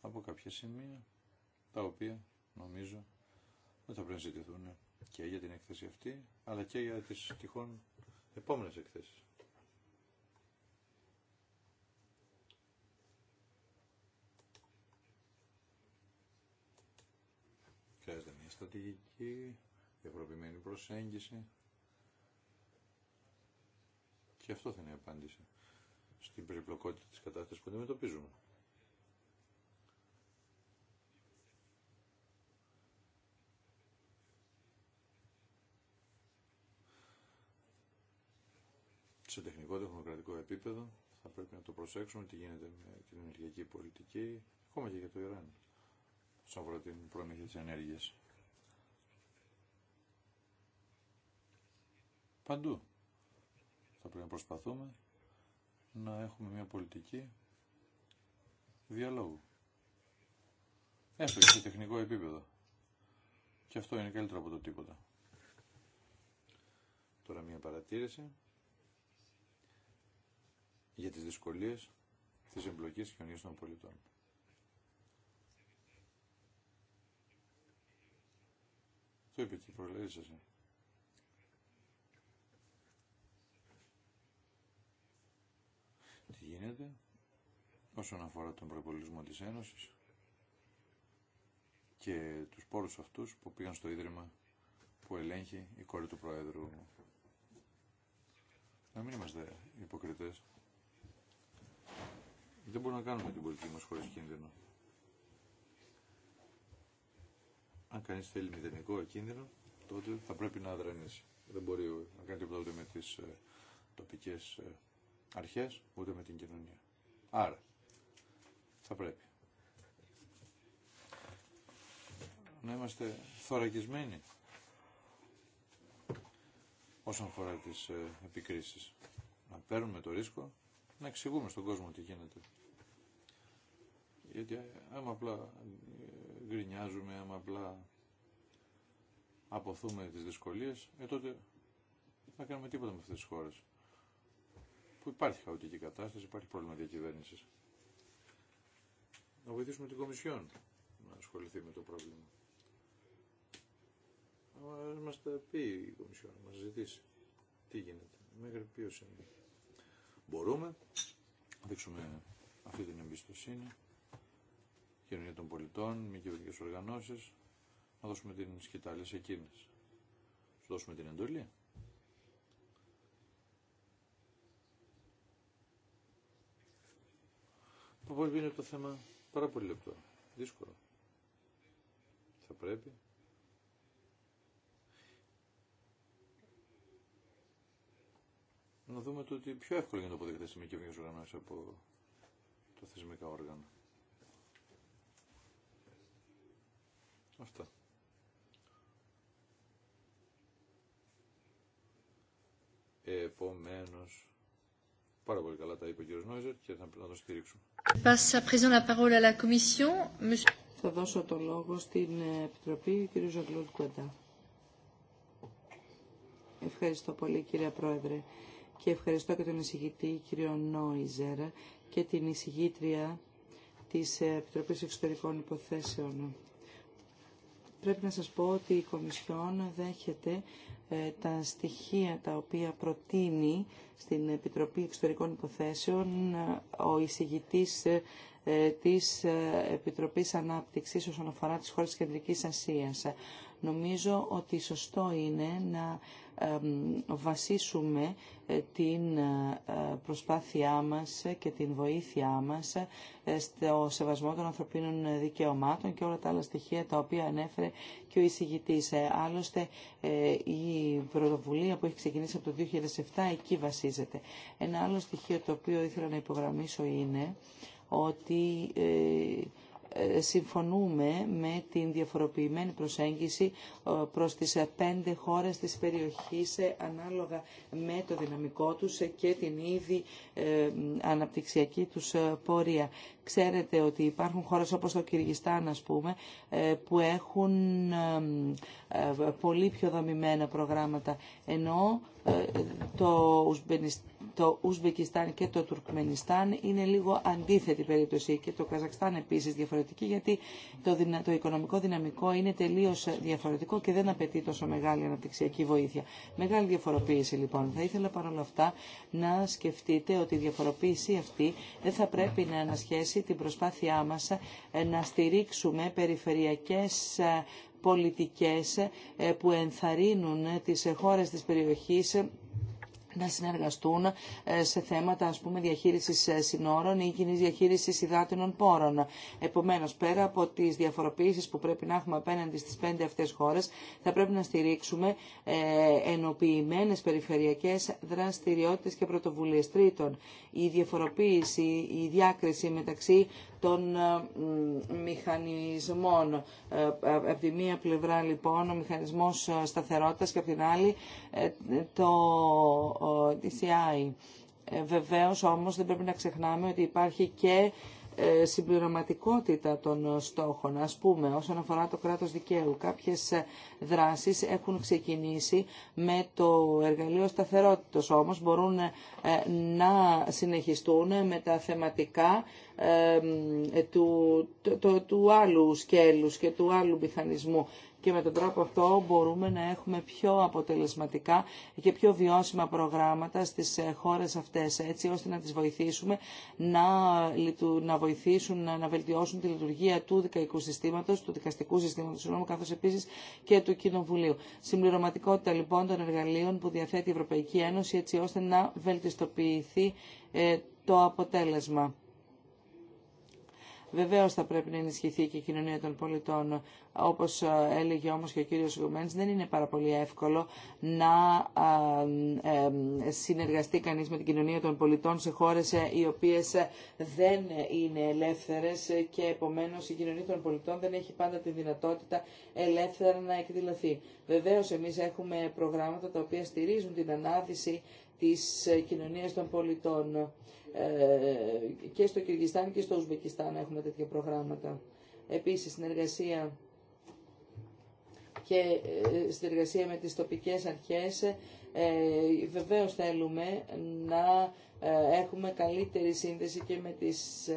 από κάποια σημεία τα οποία νομίζω δεν θα πρέπει να ζητηθούν και για την έκθεση αυτή, αλλά και για τις τυχόν επόμενες εκθέσεις. Χρειάζεται μια στρατηγική, διαφοροποιημένη προσέγγιση. Και αυτό θα είναι η απάντηση στην περιπλοκότητα της κατάστασης που αντιμετωπίζουμε. Σε τεχνικό, τεχνοκρατικό επίπεδο θα πρέπει να το προσέξουμε τι γίνεται με την ενεργειακή πολιτική, ακόμα και για το Ιράν, σαν αφορά την προμήθεια της ενέργειας. Παντού θα πρέπει να προσπαθούμε να έχουμε μια πολιτική διαλόγου. Έστω και σε τεχνικό επίπεδο. Και αυτό είναι καλύτερο από το τίποτα. Τώρα μια παρατήρηση για τις δυσκολίες της εμπλοκής και των πολιτών. Το είπε και η τι γίνεται όσον αφορά τον προπολισμό της Ένωσης και τους πόρους αυτούς που πήγαν στο Ίδρυμα που ελέγχει η κόρη του Προέδρου. Να μην είμαστε υποκριτές. Δεν μπορούμε να κάνουμε την πολιτική μας χωρίς κίνδυνο. Αν κανείς θέλει μηδενικό κίνδυνο, τότε θα πρέπει να αδρανήσει. Δεν μπορεί να κάνει τίποτα με τις ε, τοπικές ε, αρχές, ούτε με την κοινωνία. Άρα, θα πρέπει να είμαστε θωρακισμένοι όσον αφορά τις ε, επικρίσεις. Να παίρνουμε το ρίσκο, να εξηγούμε στον κόσμο τι γίνεται. Γιατί ε, άμα απλά ε, γκρινιάζουμε, άμα απλά αποθούμε τις δυσκολίες, ε τότε δεν θα κάνουμε τίποτα με αυτές τις χώρες που υπάρχει χαοτική κατάσταση, υπάρχει πρόβλημα διακυβέρνηση. Να βοηθήσουμε την Κομισιόν να ασχοληθεί με το πρόβλημα. Να μας τα πει η Κομισιόν, να μας ζητήσει τι γίνεται, μέχρι ποιο είναι. Μπορούμε να δείξουμε αυτή την εμπιστοσύνη, κοινωνία των πολιτών, μη κυβερνικές οργανώσεις, να δώσουμε την σκητάλη σε εκείνες. Σου δώσουμε την εντολή Οπότε είναι το θέμα πάρα πολύ λεπτό, δύσκολο. Θα πρέπει να δούμε το ότι πιο εύκολο είναι το αποδεκτές με οργανώσεις από τα θεσμικά όργανα. Αυτά. Επομένως, Πάρα πολύ καλά τα είπε ο κ. Νόιζερ και θα το στηρίξουμε. Θα δώσω το λόγο στην ε, Επιτροπή, κ. Ζαγκλούλ Κουεντά. Ευχαριστώ πολύ κύριε Πρόεδρε και ευχαριστώ και τον εισηγητή κ. Νόιζερ και την εισηγήτρια της ε, Επιτροπής Εξωτερικών Υποθέσεων. Πρέπει να σας πω ότι η Κομισιόν δέχεται ε, τα στοιχεία τα οποία προτείνει στην Επιτροπή Εξωτερικών Υποθέσεων ε, ο εισηγητής ε, της Επιτροπής Ανάπτυξης όσον αφορά τις χώρες της Κεντρικής Ασίας. Νομίζω ότι σωστό είναι να βασίσουμε ε, την ε, προσπάθειά μας και την βοήθειά μας ε, στο σεβασμό των ανθρωπίνων δικαιωμάτων και όλα τα άλλα στοιχεία τα οποία ανέφερε και ο εισηγητής. Άλλωστε η πρωτοβουλία που έχει ξεκινήσει από το 2007 εκεί βασίζεται. Ένα άλλο στοιχείο το οποίο ήθελα να υπογραμμίσω είναι ότι ε, συμφωνούμε με την διαφοροποιημένη προσέγγιση ε, προς τις ε, πέντε χώρες της περιοχής ανάλογα με το δυναμικό τους και την ήδη αναπτυξιακή τους πορεία. Ξέρετε ότι υπάρχουν χώρες όπως το Κυργιστάν, ας πούμε, που έχουν πολύ πιο δομημένα προγράμματα, ενώ το Ουσμπενιστάν το Ουσβεκιστάν και το Τουρκμενιστάν είναι λίγο αντίθετη περίπτωση και το Καζακστάν επίσης διαφορετική γιατί το, το οικονομικό δυναμικό είναι τελείως διαφορετικό και δεν απαιτεί τόσο μεγάλη αναπτυξιακή βοήθεια. Μεγάλη διαφοροποίηση λοιπόν. Θα ήθελα παρόλα αυτά να σκεφτείτε ότι η διαφοροποίηση αυτή δεν θα πρέπει να ανασχέσει την προσπάθειά μας ε, να στηρίξουμε περιφερειακές ε, πολιτικές ε, που ενθαρρύνουν τις χώρες της περιοχής να συνεργαστούν ε, σε θέματα ας πούμε, διαχείρισης ε, συνόρων ή κοινή διαχείρισης υδάτινων πόρων. Επομένως, πέρα από τις διαφοροποιήσεις που πρέπει να έχουμε απέναντι στις πέντε αυτές χώρες, θα πρέπει να στηρίξουμε ε, ενοποιημένες περιφερειακές δραστηριότητες και πρωτοβουλίες. Τρίτον, η διαφοροποίηση, η διάκριση μεταξύ των ε, μηχανισμών. Ε, ε, από τη μία πλευρά λοιπόν ο μηχανισμός σταθερότητας και από την άλλη το DCI. Βεβαίως όμως δεν πρέπει να ξεχνάμε ότι υπάρχει και ε, συμπληρωματικότητα των στόχων. Ας πούμε, όσον αφορά το κράτος δικαίου, κάποιες ε, δράσεις έχουν ξεκινήσει με το εργαλείο σταθερότητος, όμως μπορούν ε, να συνεχιστούν με τα θεματικά του, του άλλου σκέλους και του άλλου μηχανισμού και με τον τρόπο αυτό μπορούμε να έχουμε πιο αποτελεσματικά και πιο βιώσιμα προγράμματα στις ε, χώρες αυτές, έτσι ώστε να τις βοηθήσουμε να, να βοηθήσουν, να, να βελτιώσουν τη λειτουργία του δικαϊκού συστήματος, του δικαστικού συστήματος, νόμου καθώς επίσης και του Κοινοβουλίου. Συμπληρωματικότητα λοιπόν των εργαλείων που διαθέτει η Ευρωπαϊκή Ένωση, έτσι ώστε να βελτιστοποιηθεί ε, το αποτέλεσμα. Βεβαίω θα πρέπει να ενισχυθεί και η κοινωνία των πολιτών. Όπως έλεγε όμω και ο κύριος Γουμέντ, δεν είναι πάρα πολύ εύκολο να συνεργαστεί κανείς με την κοινωνία των πολιτών σε χώρε, ε, οι οποίε δεν είναι ελεύθερες και επομένως η κοινωνία των πολιτών δεν έχει πάντα τη δυνατότητα ελεύθερα να εκδηλωθεί. Βεβαίω εμεί έχουμε προγράμματα τα οποία στηρίζουν την ανάδυση της ε, κοινωνίας των πολιτών. Ε, και στο Κυργιστάν και στο Ουσβεκιστάν έχουμε τέτοια προγράμματα. Επίσης, συνεργασία και ε, συνεργασία με τις τοπικές αρχές. Ε, βεβαίως θέλουμε να έχουμε καλύτερη σύνδεση και με τις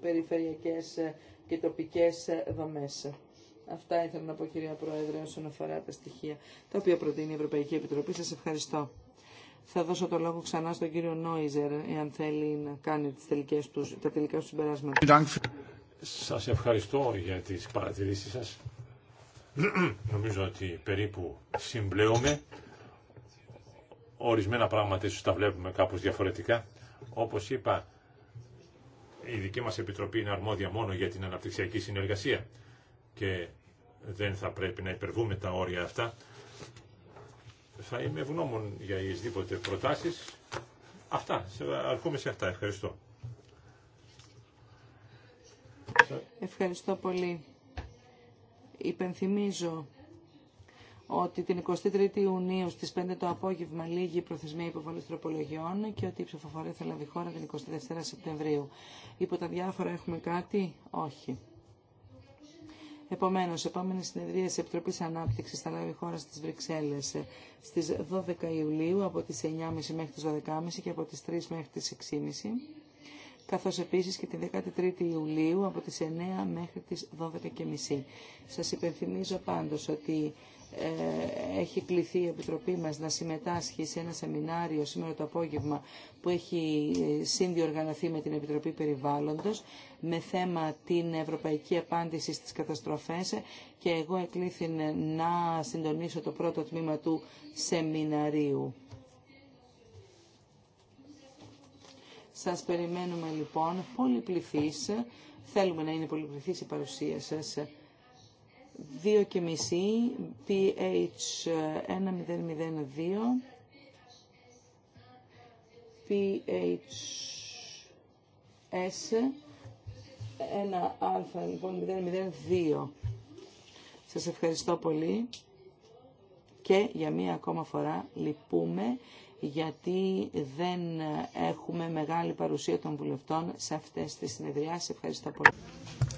περιφερειακές και τοπικές δομές. Αυτά ήθελα να πω κυρία Πρόεδρε όσον αφορά τα στοιχεία τα οποία προτείνει η Ευρωπαϊκή Επιτροπή. σα ευχαριστώ. Θα δώσω το λόγο ξανά στον κύριο Νόιζερ, εάν θέλει να κάνει τις τελικές τους, τα τελικά του συμπεράσματα. Σα ευχαριστώ για τι παρατηρήσει σα. Νομίζω ότι περίπου συμπλέουμε. Ορισμένα πράγματα ίσως τα βλέπουμε κάπως διαφορετικά. Όπως είπα, η δική μας Επιτροπή είναι αρμόδια μόνο για την αναπτυξιακή συνεργασία και δεν θα πρέπει να υπερβούμε τα όρια αυτά. Θα είμαι ευγνώμων για εισδήποτε προτάσεις. Αυτά, αρχούμε σε αυτά. Ευχαριστώ. Ευχαριστώ πολύ. Υπενθυμίζω ότι την 23η Ιουνίου στις 5 το απόγευμα λήγει η προθεσμία υποβολής τροπολογιών και ότι η ψηφοφορία θα λάβει χώρα την 24 η Σεπτεμβρίου. Υπό τα διάφορα έχουμε κάτι? Όχι. Επομένως, επόμενη συνεδρία τη Επιτροπής Ανάπτυξης θα λάβει χώρα στις Βρυξέλλες ε, στις 12 Ιουλίου από τις 9.30 μέχρι τις 12.30 και από τις 3 μέχρι τις 6.30 καθώς επίσης και την 13η Ιουλίου από τις 9 μέχρι τις 12.30. Σας υπενθυμίζω πάντως ότι ε, έχει κληθεί η Επιτροπή μας να συμμετάσχει σε ένα σεμινάριο σήμερα το απόγευμα που έχει ε, συνδιοργανωθεί με την Επιτροπή Περιβάλλοντος με θέμα την ευρωπαϊκή απάντηση στις καταστροφές και εγώ εκλήθην να συντονίσω το πρώτο τμήμα του σεμιναρίου. Σας περιμένουμε λοιπόν πολυπληθείς, θέλουμε να είναι πολυπληθής η παρουσία σας, 2,5 PH1002 PHS ένα α λοιπόν 002. Σας ευχαριστώ πολύ και για μία ακόμα φορά λυπούμε γιατί δεν έχουμε μεγάλη παρουσία των βουλευτών σε αυτές τις συνεδριάσεις. Ευχαριστώ πολύ.